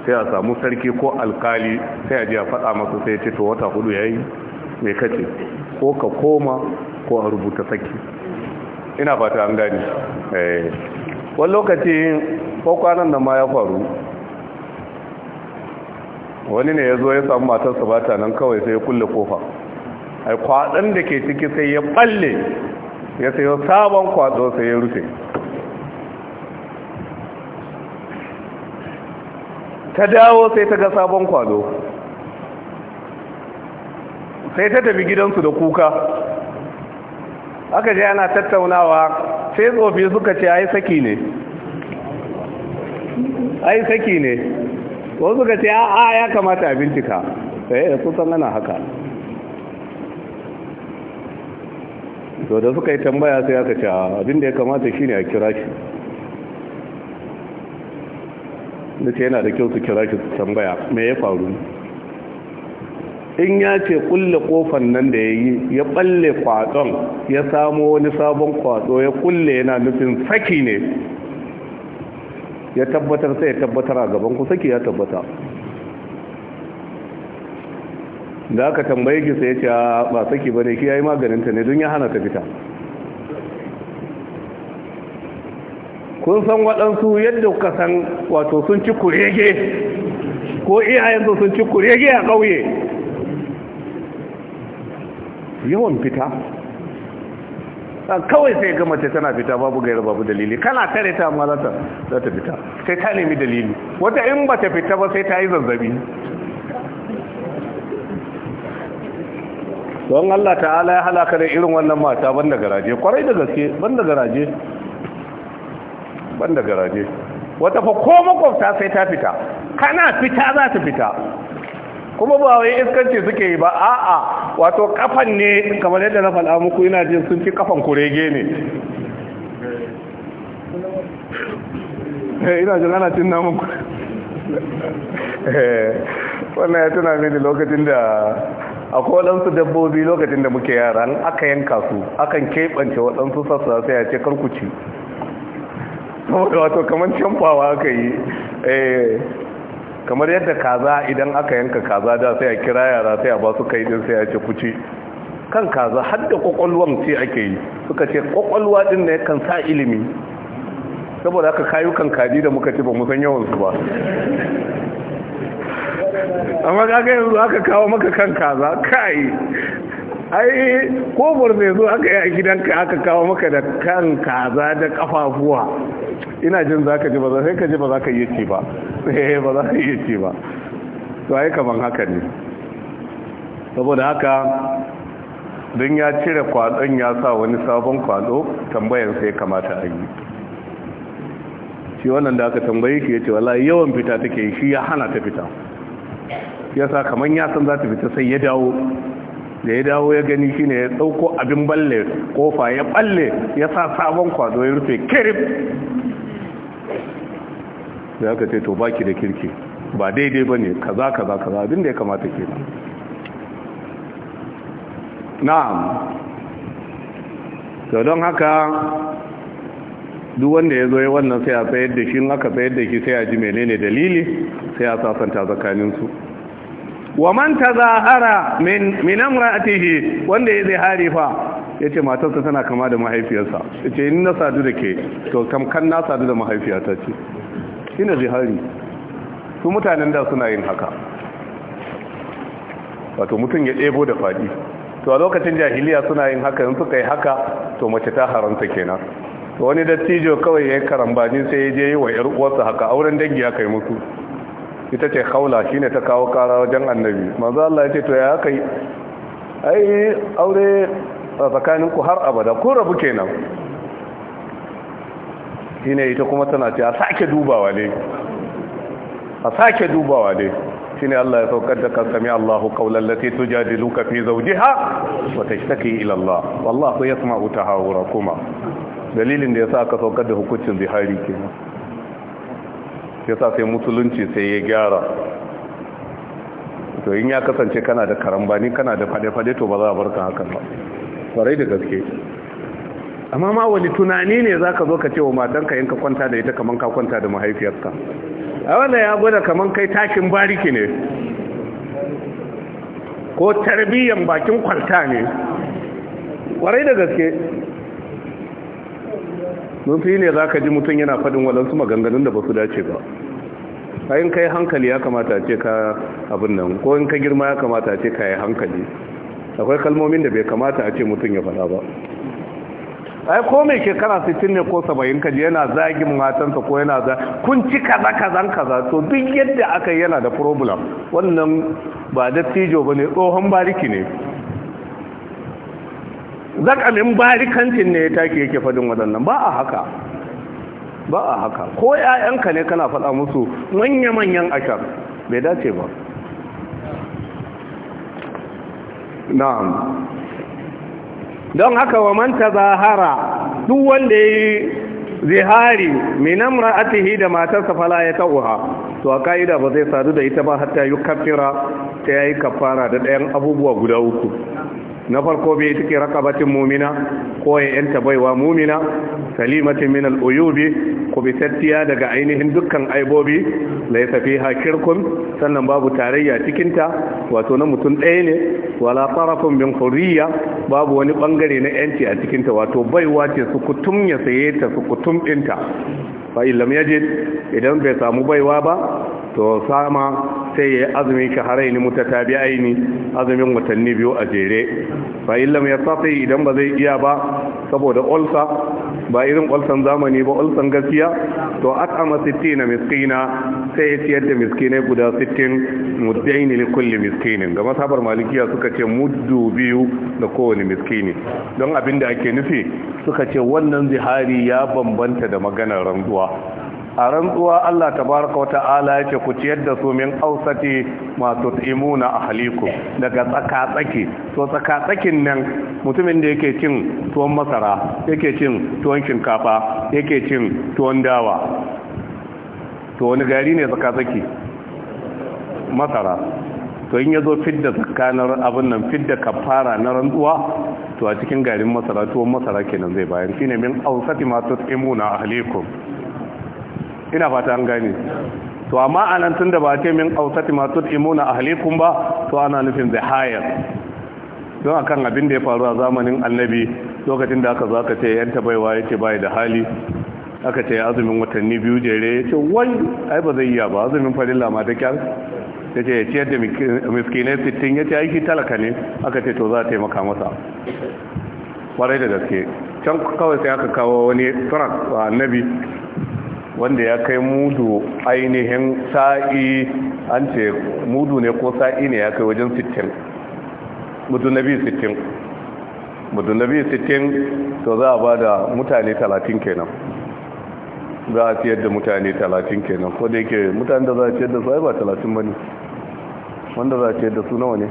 sai a samu sarki ko alkali sai a ji a faɗa masu sai ce to wata hudu ya yi mai kace ko ka koma ko a rubuta saki ina fata an gani eh, wani lokaci ko kwanan ma ya faru wani ne ya zo ya samu matarsa ba ta nan kawai sai ya kulle kofa ai kwaɗan da ke ciki sai ya balle ya sayo sabon kwaɗo sai ya rufe ta dawo sai ta ga sabon kwado sai ta tafi gidansu da kuka aka je ana tattaunawa sai tsofi suka ce ai saki ne ai saki ne wasu suka ce a ya kamata a bincika sai ya eh, kusan ana haka to da suka yi tambaya sai aka ce abinda ya kamata shine a kira shi da ce yana da kyau su kira shi su tambaya me ya faru in ya ce kulle kofan nan da ya yi ya balle kwadon ya samo wani sabon kwado ya kulle yana nufin saki ne ya tabbatar sai ya tabbatar a gaban ku saki ya tabbata da aka tambaye ki sai ya ce ba saki bane ki yayi maganin ta ne don ya hana ta fita kun san waɗansu yadda kuka san wato sun ci kurege ko iyayen su sun ci kurege a ƙauye yawan fita ah, kawai sai ga mace tana fita babu gaira babu dalili kana tare ta amma za ta fita sai ta nemi dalili wata in ba ta fita ba sai ta yi zazzabi don Allah ta'ala ya halaka da irin wannan mata banda garaje kwarai da gaske banda garaje banda garaje wata fa ko makwabta sai ta fita kana fita za ta fita kuma ba wai iskanci suke yi ba a'a wato kafan ne kamar yadda na faɗa muku ina jin sun fi kafan kurege ne eh, ina jin ana cin namun eh, wannan ya tuna mini lokacin da a waɗansu dabbobi lokacin da muke yara aka yanka su akan keɓance waɗansu sassa sai a ce karkuci saboda wato kamar canfawa aka yi eh, kamar yadda kaza idan aka yanka kaza da sai a kira yara sai a ba su kai din sai a ce kuci kan kaza har da kwakwalwan ce ake yi suka ce kwakwalwa din ne kan sa ilimi saboda aka kayu kan kaji da muka ci ba musan yawansu ba amma kaga yanzu aka kawo maka kan kaza kai ai ko zo aka yi a gidanka aka kawo maka da kan kaza da kafafuwa ina jin za ka ji ba za ka ji ba za ka yi ci ba eh ba za ka yi ci ba to ai kaman haka ne saboda haka don ya cire kwadon ya sa wani sabon kwado tambayan sai kamata a yi shi wannan da aka tambaye shi ya ce wala yawan fita take shi ya hana ta fita ya sa kaman ya san za ta fita sai ya dawo da ya dawo ya gani shine ya dauko abin balle kofa ya balle ya sa sabon kwado ya rufe kirif da aka ce to baki da kirki ba daidai ba ne kaza kaza kaza abin da ya kamata ke na'am to don haka duk wanda ya zo ya wannan sai a tsayar da shi in aka tsayar da shi sai a ji menene dalili sai a sasanta tsakaninsu wa man tazahara min min amra'atihi wanda ya zihari fa yace matarsa tana kama da mahaifiyarsa yace in na sadu da ke to kam kan na sadu da mahaifiyata ce ina zihari su mutanen da suna yin haka wato mutum ya debo da faɗi to a lokacin jahiliya suna yin haka in suka yi haka to mace ta haranta kenan to wani dattijo kawai ya yi ne sai ya je yi wa 'yar uwarsa haka auren dangi aka yi musu ita ce haula shine ta kawo kara wajen annabi manzo Allah ya ce to ya kai ai aure tsakanin ku har abada ko rabu kenan shine ita kuma tana ce a sake dubawa ne a sake dubawa ne shine Allah ya saukar da kan sami Allahu qawlan lati tujadiluka fi zawjiha wa tashtaki ila Allah wallahu yasma'u tahawurakuma dalilin da yasa aka saukar da hukuncin zihari kenan sai sa sai musulunci sai ya gyara to in ya kasance kana da karambani kana da fade-fade to ba za a ka hakan ba kwarai da gaske amma ma wani tunani ne za ka zo ka ce wa matanka yin ka kwanta da ita kamar ka kwanta da mahaifiyarka a wanda ya gwada kamar kai takin bariki ne ko tarbiyyan bakin kwalta ne kwarai da gaske mun fi ne za ka ji mutum yana faɗin waɗansu maganganun da ba su dace ba a yin kai hankali ya kamata ce ka abin nan ko in ka girma ya kamata ce ka yi hankali akwai kalmomin da bai kamata a ce mutum ya faɗa ba ai ko mai shekara 60 ne ko 70 kaji yana zagin matansa ko yana za kun ci kaza kaza kaza to duk yadda aka yana da problem wannan ba dattijo ne tsohon bariki ne zakamin kantin ne ya take yake fadin waɗannan ba a haka ba a haka ko ƴaƴanka ne kana faɗa musu manya-manyan ashar bai dace ba na'am don haka wa manta zahara duk wanda ya yi zihari min ra'atihi da matarsa fala ya ta'uha to a ka'ida ba zai sadu da ita ba hatta yi kafira ta yayi kafara da ɗayan abubuwa guda uku na farko bai take rakabatin mumina ko ya yanta baiwa mumina salimatin min al-uyubi ko bi tattiya daga ainihin dukkan aibobi laysa fiha kirkun sannan babu tarayya cikin ta wato na mutum ɗaya ne wala tarafun bin khuriyya babu wani bangare na yanci a cikin ta wato baiwa ce su kutum ya saye ta su kutum ɗinta fa illam yajid idan bai samu baiwa ba to sama sai ya azumin shaharaini mutatabi'aini azumin watanni biyu a jere fa illam yastati idan ba zai iya ba saboda ulsa ba irin ulsan zamani ba ulsan gaskiya to at'ama 60 miskina sai ya ciyar da miskinai guda sittin muddaini li kulli miskinin ga masabar malikiya suka ce muddu biyu da kowane miskini don abin da ake nufi suka ce wannan zihari ya bambanta da maganar ranzuwa a rantsuwa Allah tabaraka wa ta'ala yake ku ciyar da su min ausati masu imuna ahlikum daga tsaka tsaki to tsaka tsakin nan mutumin da yake cin tuwon masara yake cin tuwon shinkafa yake cin tuwon dawa to wani gari ne tsaka tsaki masara to in yazo fidda tsakanar abin nan fidda kafara na rantsuwa to a cikin garin masara tuwon masara kenan zai bayar shine min ausati masu imuna ahlikum ina fata an gane to amma anan tun da ba ce min ausati masu imuna ahlikum ba to ana nufin higher don akan abin da ya faru a zamanin annabi lokacin da aka zo ce yanta baiwa ya ce bai da hali aka ce azumin watanni biyu jere ya ce wai ai ba zai iya ba azumin farilla ma da kyar ya ce ya ciyar da miskinai sittin ya ce aiki talaka ne aka ce to za a taimaka masa kwarai da gaske can kawai sai aka kawo wani a annabi wanda ya kai mudu ainihin sa'i an ce mudu ne ko sa'i ne ya kai wajen 60 mudu na biyu 60 mudu na biyu 60 to za a ba da mutane 30 kenan za a ciyar da mutane 30 kenan ko da yake mutane da za a ciyar da su ai ba 30 ba ne wanda za a ciyar da su nawa ne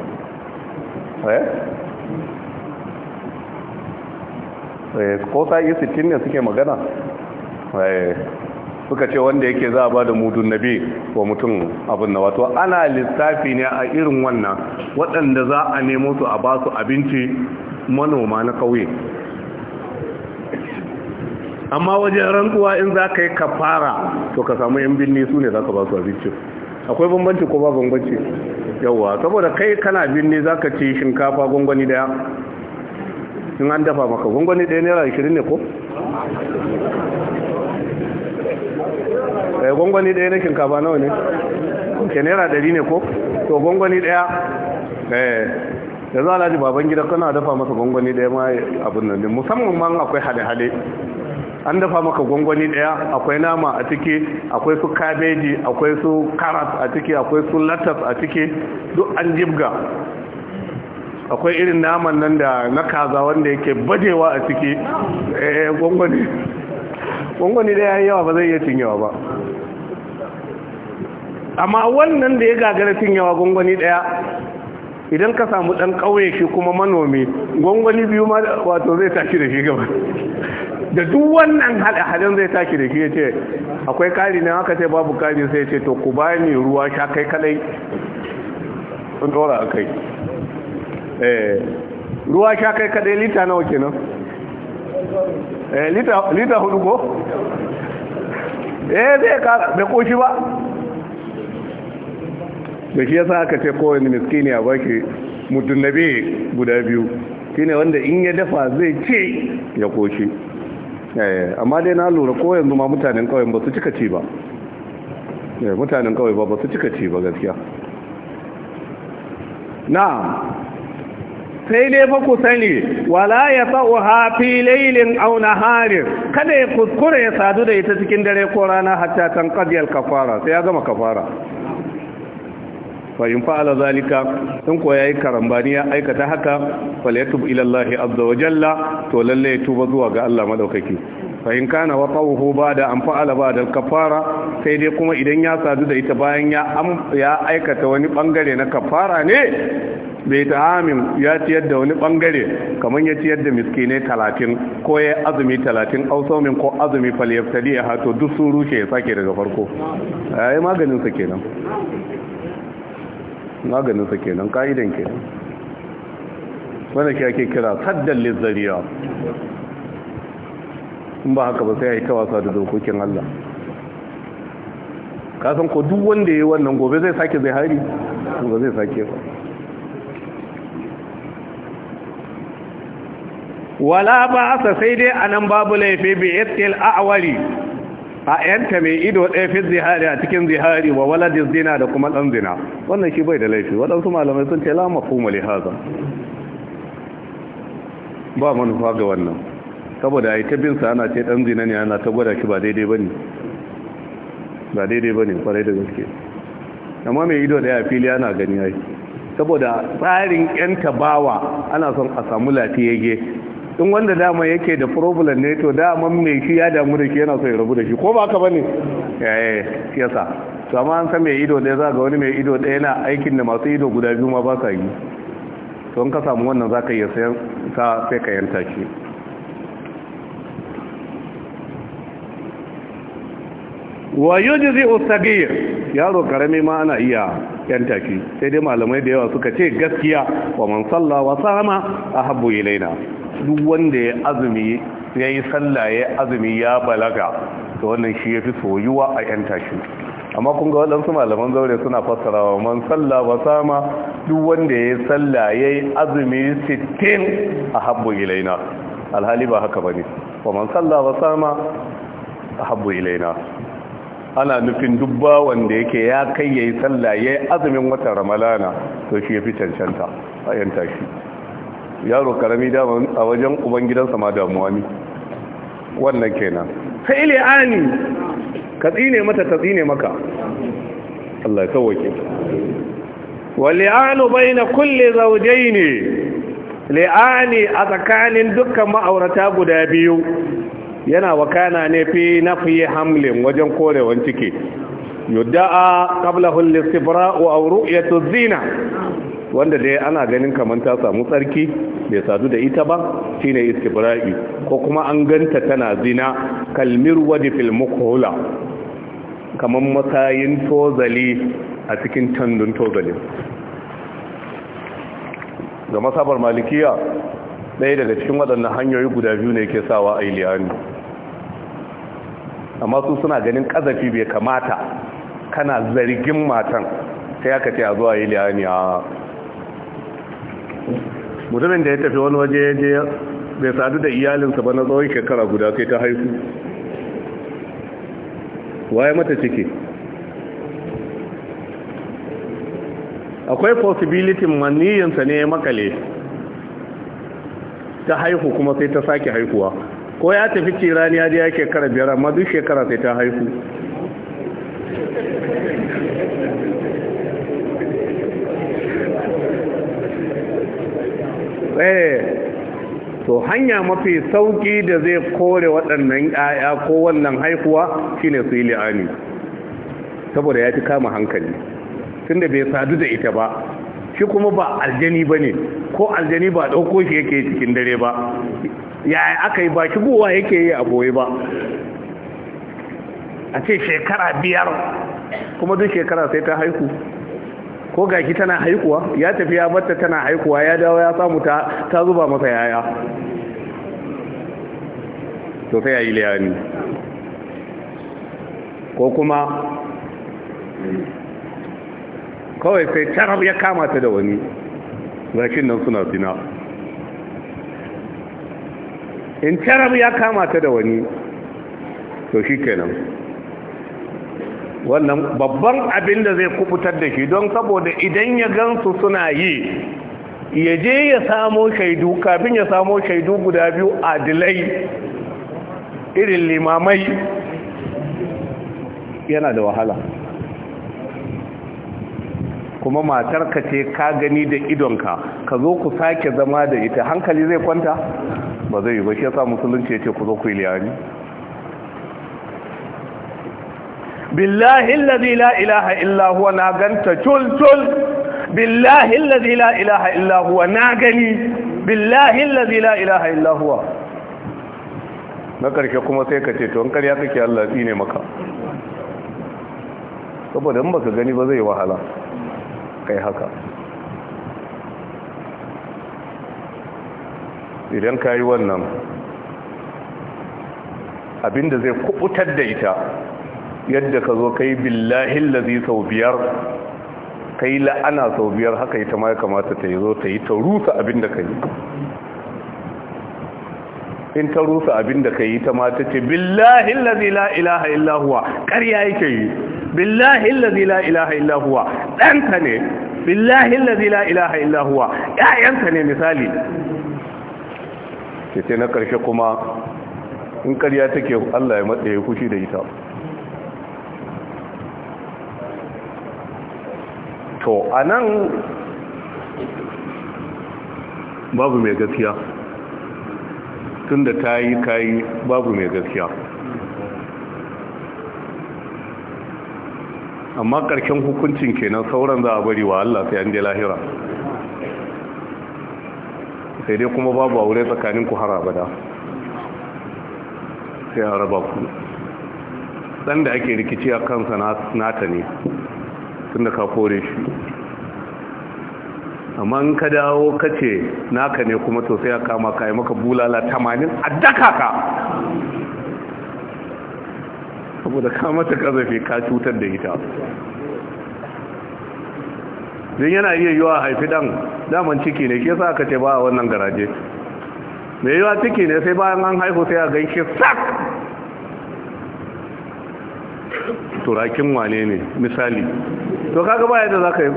eh? Eh, ko sa'i 60 ne suke magana eh. suka ce wanda yake za a ba da mudun nabi wa mutum abin na wato ana lissafi ne a irin wannan waɗanda za a nemo su a ba su abinci manoma na kauye amma wajen rantsuwa in za ka yi ka fara to ka samu yan binni su ne za ka ba su abinci akwai bambanci ko ba bambanci yawwa saboda kai kana binni za ka ci shinkafa gwangwani daya in an dafa maka gwangwani daya naira 20 ne ko eh ɗaya daya na shinkafa nawa ne ke naira ɗari ne ko to gongoni daya eh da za alhaji baban gida kana dafa masa gongoni daya ma abin nan musamman ma akwai hade-hade an dafa maka gongoni daya akwai nama a ciki akwai su kabeji akwai su karas a ciki akwai su latas a ciki duk an jibga akwai irin naman nan da na kaza wanda yake bajewa a ciki eh gongoni gwangwani da ya yi yawa ba zai iya cinyawa ba amma wannan da ya gagara cinyawa gwangwani daya idan ka samu dan ƙauye shi kuma manomi gwangwani biyu ma wato zai tashi da shi gaba da duk wannan hada-hadan zai tashi da shi ya ce akwai kari ne haka ce babu kari sai ya ce to ku bani ruwa sha kai kadai sun dora a kai eh, ruwa sha kai kadai lita nawa kenan Eh, lita hudu ko? eh zai ka da koshi ba da shi yasa aka ce kowane miskini a baki mutum na biyu guda biyu shine wanda in ya dafa zai ce ya koshi eh, amma dai na lura ko yanzu ma mutanen kawai ba su cika ci ba eh, mutanen kawai ba ba su cika ci ba gaskiya na sai dai fa ku sani wala ya sa'u hafi fi lailin aw kada ya kuskure ya sadu da ita cikin dare ko rana hatta karyar qadiyal kafara sai ya gama kafara fa in fa'ala zalika in ya yi karambani ya aikata haka falyatub ila Allah azza wa jalla to lalle ya tuba zuwa ga Allah madaukaki fa in kana ba ba'da an fa'ala ba'da kafara sai dai kuma idan ya sadu da ita bayan ya ya aikata wani bangare na kafara ne bai ta hamim ya ciyar da wani bangare kamar ya ciyar da miskinai talatin ko ya azumi talatin saumin ko azumi falyaftali ya hato duk sun rushe ya sake daga farko ya yi maganinsa kenan maganinsa kenan ka'idan kenan wanda ke ake kira saddan lizzariya in ba haka ba sai ya yi ta wasa da dokokin Allah kasan ko duk wanda ya yi wannan gobe zai sake zai hari ba zai sake ba wala ba asa sai dai a nan babu laifi bi ittil a'wari a yanta mai ido ɗaya fi zihari a cikin zihari wa waladin zina da kuma ɗan zina wannan shi bai da laifi waɗansu malamai sun ce la mafhuma li haza ba manufa ga wannan saboda ai ta binsa ana ce ɗan zina ne ana ta gwada shi ba daidai bane ba daidai bane kwarai da gaske amma mai ido ɗaya fili ana gani ai saboda tsarin yanta bawa ana son a samu lafiyayye in wanda dama yake da problem ne to dama mai shi ya damu da shi yana so ya rabu da shi ko ba ka bane eh yasa to amma an san mai ido ne za ga wani mai ido daya na aikin da masu ido guda biyu ma ba sa yi to in ka samu wannan za ka iya sayan sa sai ka yanta shi wa yujzi usagir yaro karami ma ana iya yanta shi sai dai malamai da yawa suka ce gaskiya wa man salla wa sama ahabbu ilaina duk wanda ya azumi ya yi sallaye azumi ya balaga to wannan shi ya fi soyuwa a 'yan tashi amma kun ga waɗansu malaman zaure suna wa man salla ba sama duk wanda ya yi sallaye ya yi azumi sittin a habbo ilaina alhali ba haka ba ne wa man salla ba sama a habbo ilaina ana nufin dubba wanda yake ya kai ya yi sallah ya yi azumin watan ramalana to shi ya fi cancanta a 'yan tashi yaro karami dama a wajen uban gidansa ma damuwa ne wannan kenan fa ile ani ka tsine mata ta tsine maka Allah ya sauke wal'anu baina kulli zawjayn li'ani a tsakanin dukkan ma'aurata guda biyu yana wakana ne fi nafi hamlin wajen korewan ciki yudda'a qablahu al istibrau aw ru'yatu zina wanda dai ana ganin kamar ta samu tsarki bai sadu da ita ba shine istibra'i ko kuma an ganta tana zina kalmir wadi fil mukhula kamar matsayin tozali a cikin tandun tozali ga masabar malikiya ɗaya daga cikin waɗannan hanyoyi guda biyu ne ke sawa a iliyani amma su suna ganin ƙazafi bai kamata kana zargin matan sai aka ce a zuwa iliyani a mutumin da ya tafi wani waje ya je bai sadu da iyalinsa ba na tsawon shekara guda sai ta haihu waye mata ciki akwai possibility maniyinsa ne ya makale ta haihu kuma sai ta sake haihuwa ko ya tafi cirani ya je ya shekara biyar amma duk shekara sai ta haihu Eh, to hanya mafi sauki da zai kore waɗannan 'ya'ya ko wannan haihuwa shine su yi li'ani saboda ya fi kama hankali tunda bai sadu da ita ba shi kuma ba aljani ba ne ko aljani ba ɗauko shi yake cikin dare ba yaya aka yi ba shi buwa yake yi a boye ba a ce shekara biyar kuma duk shekara sai ta haiku. ko gashi tana haikuwa ya tafi ya batta tana haikuwa ya dawo ya samu ta ta zuba masa yaya to sai yayi liyani ko kuma kawai sai tarab ya kama ta da wani gashin nan suna fina in tarab ya kama ta da wani to shi kenan wannan babban abin da zai kubutar da shi don saboda idan ya gansu suna yi ya je ya samo shaidu kafin ya samo shaidu guda biyu adilai irin limamai yana da wahala kuma matar ka ce ka gani da idonka ka zo ku sake zama da ita hankali zai kwanta ba zai yi ba shi ya yasa musulunci ya ce ku zo ku yi liyari billahi alladhi la ilaha illa huwa na ganta tultul, tul billahi alladhi la ilaha illa huwa na gani billahi alladhi la ilaha illa huwa na karshe kuma sai ka ce to an karya kake Allah tsine maka saboda in baka gani ba zai wahala kai haka idan ka yi wannan abinda zai kubutar da ita yadda ka zo kai billahi lazi sau biyar kai la'ana sau biyar haka ita ma ya kamata ta yi zo ta yi ta rusa abin da ka yi in ta rusa abin da ka yi ta ma ta ce billahi lazi la'ilaha illahuwa illa ƙarya yake yi billahi lazi la'ilaha illahuwa illa ɗanta ne billahi lazi la'ilaha illahuwa illa ne misali ce na ƙarshe kuma in ƙarya take Allah ya matsaye kushi da ita to a nan babu mai gaskiya tun da ta yi kayi babu mai gaskiya amma ƙarshen hukuncin kenan sauran za a bari wa Allah sai an je lahira sai dai kuma babu aure tsakanin ku har abada sai a raba ku ɗan da ake rikici a kansa nata ne tunda ka kore shi amma in ka dawo ka ce naka ne kuma to sai ya kama ka yi maka bulala tamanin a daka ka saboda ka mata ka cutar da ita don yana iya yiwa haifi dan daman ciki ne ke sa aka ce ba a wannan garaje mai wa ciki ne sai bayan an haihu sai a gaishe sak turakin wane ne misali to kaga ba yadda za ka yi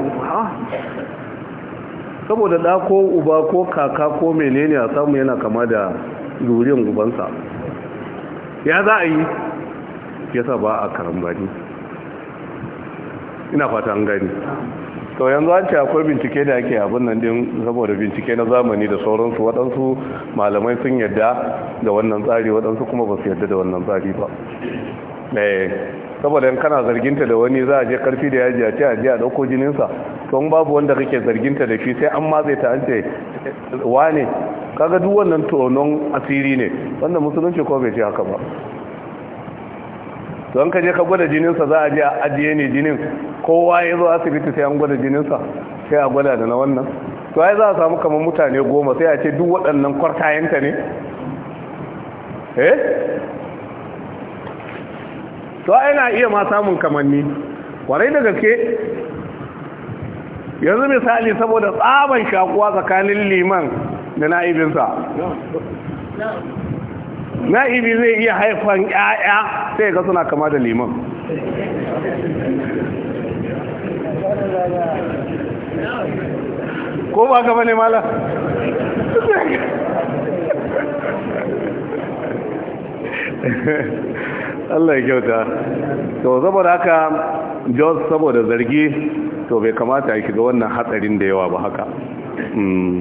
saboda da ko uba ko kaka ko menene a samu yana kama da juriyar gubansa ya za a yi yasa ba a karambani ina fata an gani to yanzu an ce akwai bincike da ake abin nan din saboda bincike na zamani da sauransu waɗansu malamai sun yadda da wannan tsari waɗansu kuma ba su yadda da wannan tsari ba eh. saboda 'yan kana zarginta da wani za a je karfi da yaji a ce a je a dauko jininsa to babu wanda kake zarginta da shi sai an matse ta an ce wane kaga duk wannan tonon asiri ne wanda musulunci ko bai ce haka ba to an ka je ka gwada jininsa za a je a ajiye ne jinin kowa ya zo asibiti sai an gwada jininsa sai a gwada da na wannan to ai za a samu kamar mutane goma sai a ce duk waɗannan kwartayenta ne eh to yana iya ma samun kamanni kwarai da gaske yanzu misali saboda tsaban shakuwa tsakanin liman da na'ibinsa na'ibi zai iya haifan 'ya'ya sai ga suna kama da liman ko ba gaba ne mala Allah ya kyauta to saboda haka jos saboda zargi to bai kamata ya shiga wannan hatsarin da yawa ba haka hmm.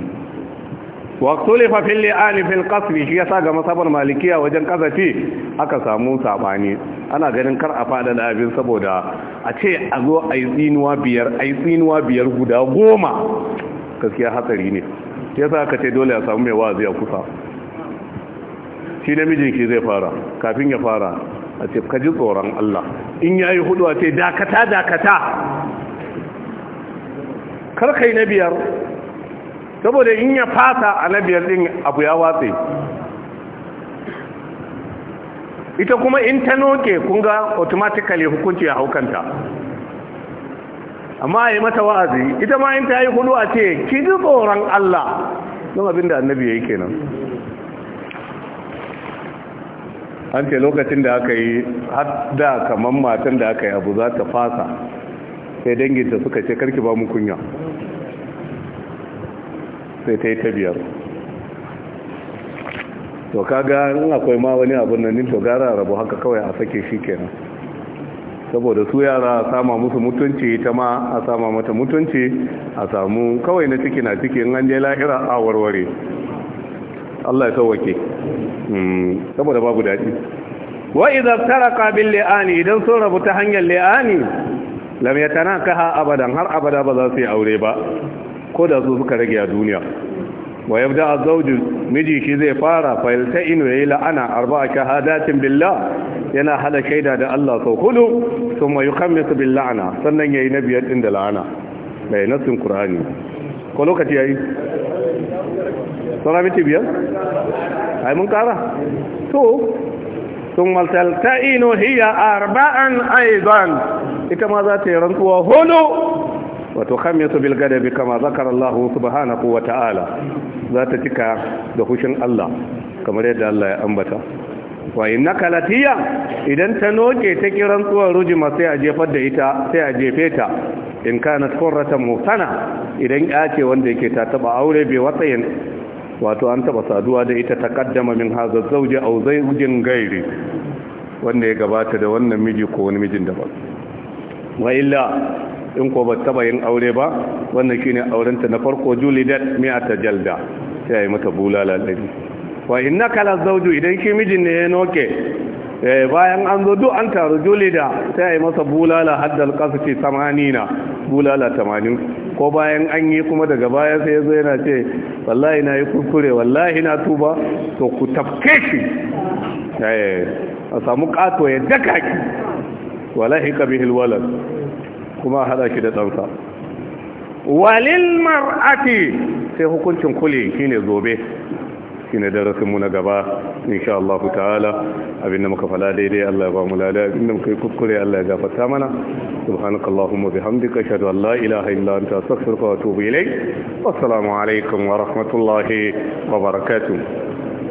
le fa fil li'ani fil shi yasa ga masabar malikiya wajen kazafi aka samu sabani ana ganin kar a fada da abin saboda a ce a zo ai tsinuwa biyar ai tsinuwa biyar guda goma gaskiya hatsari ne yasa aka ce dole a samu mai wazi a kusa shi mijinki zai fara kafin ya fara a ce ka ji tsoron Allah in ya yi hudu a ce dakata dakata karkai na biyar saboda in ya fata a na biyar din abu ya watse ita kuma in ta noke kunga automatically hukunci ya haukanta amma yi mata wa'azi ita ma in ta yi hudu a ce ki ji tsoron Allah don abin da annabi ya yi kenan an ce lokacin da aka yi hada kamar matan da aka yi abu za ta fasa sai danginta suka ce karki ba mu kunya sai ta yi ta biyar to ga in akwai ma wani abun nan nito gara rabu haka kawai a sake shi kenan saboda su yara a sama musu mutunci ta ma a sama mata mutunci a samu kawai na ciki na ciki in an je a warware Allah ya sauwake hmm, saboda babu daɗi wa idza taraka bil li'ani idan sun rabu ta hanyar li'ani lam yatanakaha abadan har abada ba za su yi aure ba ko da su suka rage a duniya wa yabda azwaju miji shi zai fara fa yalta'inu yayi la'ana arba'a shahadatin billah yana hada shaida da Allah sau hudu thumma yukammisu bil la'ana sannan yayi nabiyar din da la'ana bai nasin qur'ani ko lokaci yayi suna miti biyar ai mun kara to sun maltalta ino hiya arba'an aizan ita ma za ta yi rantsuwa hudu wato su bil gadabi kama zakara Allah subhanahu wa ta'ala za ta cika da hushin Allah kamar yadda Allah ya ambata wa na latiya idan ta noke ta kiran tsuwar rujima sai a jefar da ita sai a jefe ta in kanat qurratan muhtana idan ya ce wanda yake ta taba aure bai watsayin wato an taba saduwa da ita ta kaddama min haza zauji au ujin gairi wanda ya gabata da wannan miji ko wani mijin ba wa illa in ko ba taba yin aure ba wannan shine aurenta na farko julidat mi'ata jalda sai yi mata bulala dari wa innaka la zauju idan shi mijin ne ya noke Eh, bayan an zo duk an taru juli da sai a masa bulala haddal kasafi samanina bulala tamanin ko bayan an yi kuma daga baya sai ya zo yana ce wallahi na yi kurkure wallahi na tuba to ku tafke shi eh, a samu kato ya daka ki wallahi ka bihil walad kuma hada ki da ɗansa walil mar'ati sai hukuncin kule shine zobe shine darasin mu na gaba insha Allah ta'ala abinda muka fala daidai Allah ya ba mu lada abinda muka yi kuskure Allah ya gafarta mana subhanakallahumma bihamdika ashhadu an la ilaha illa anta astaghfiruka wa atubu ilayk assalamu alaikum wa rahmatullahi wa barakatuh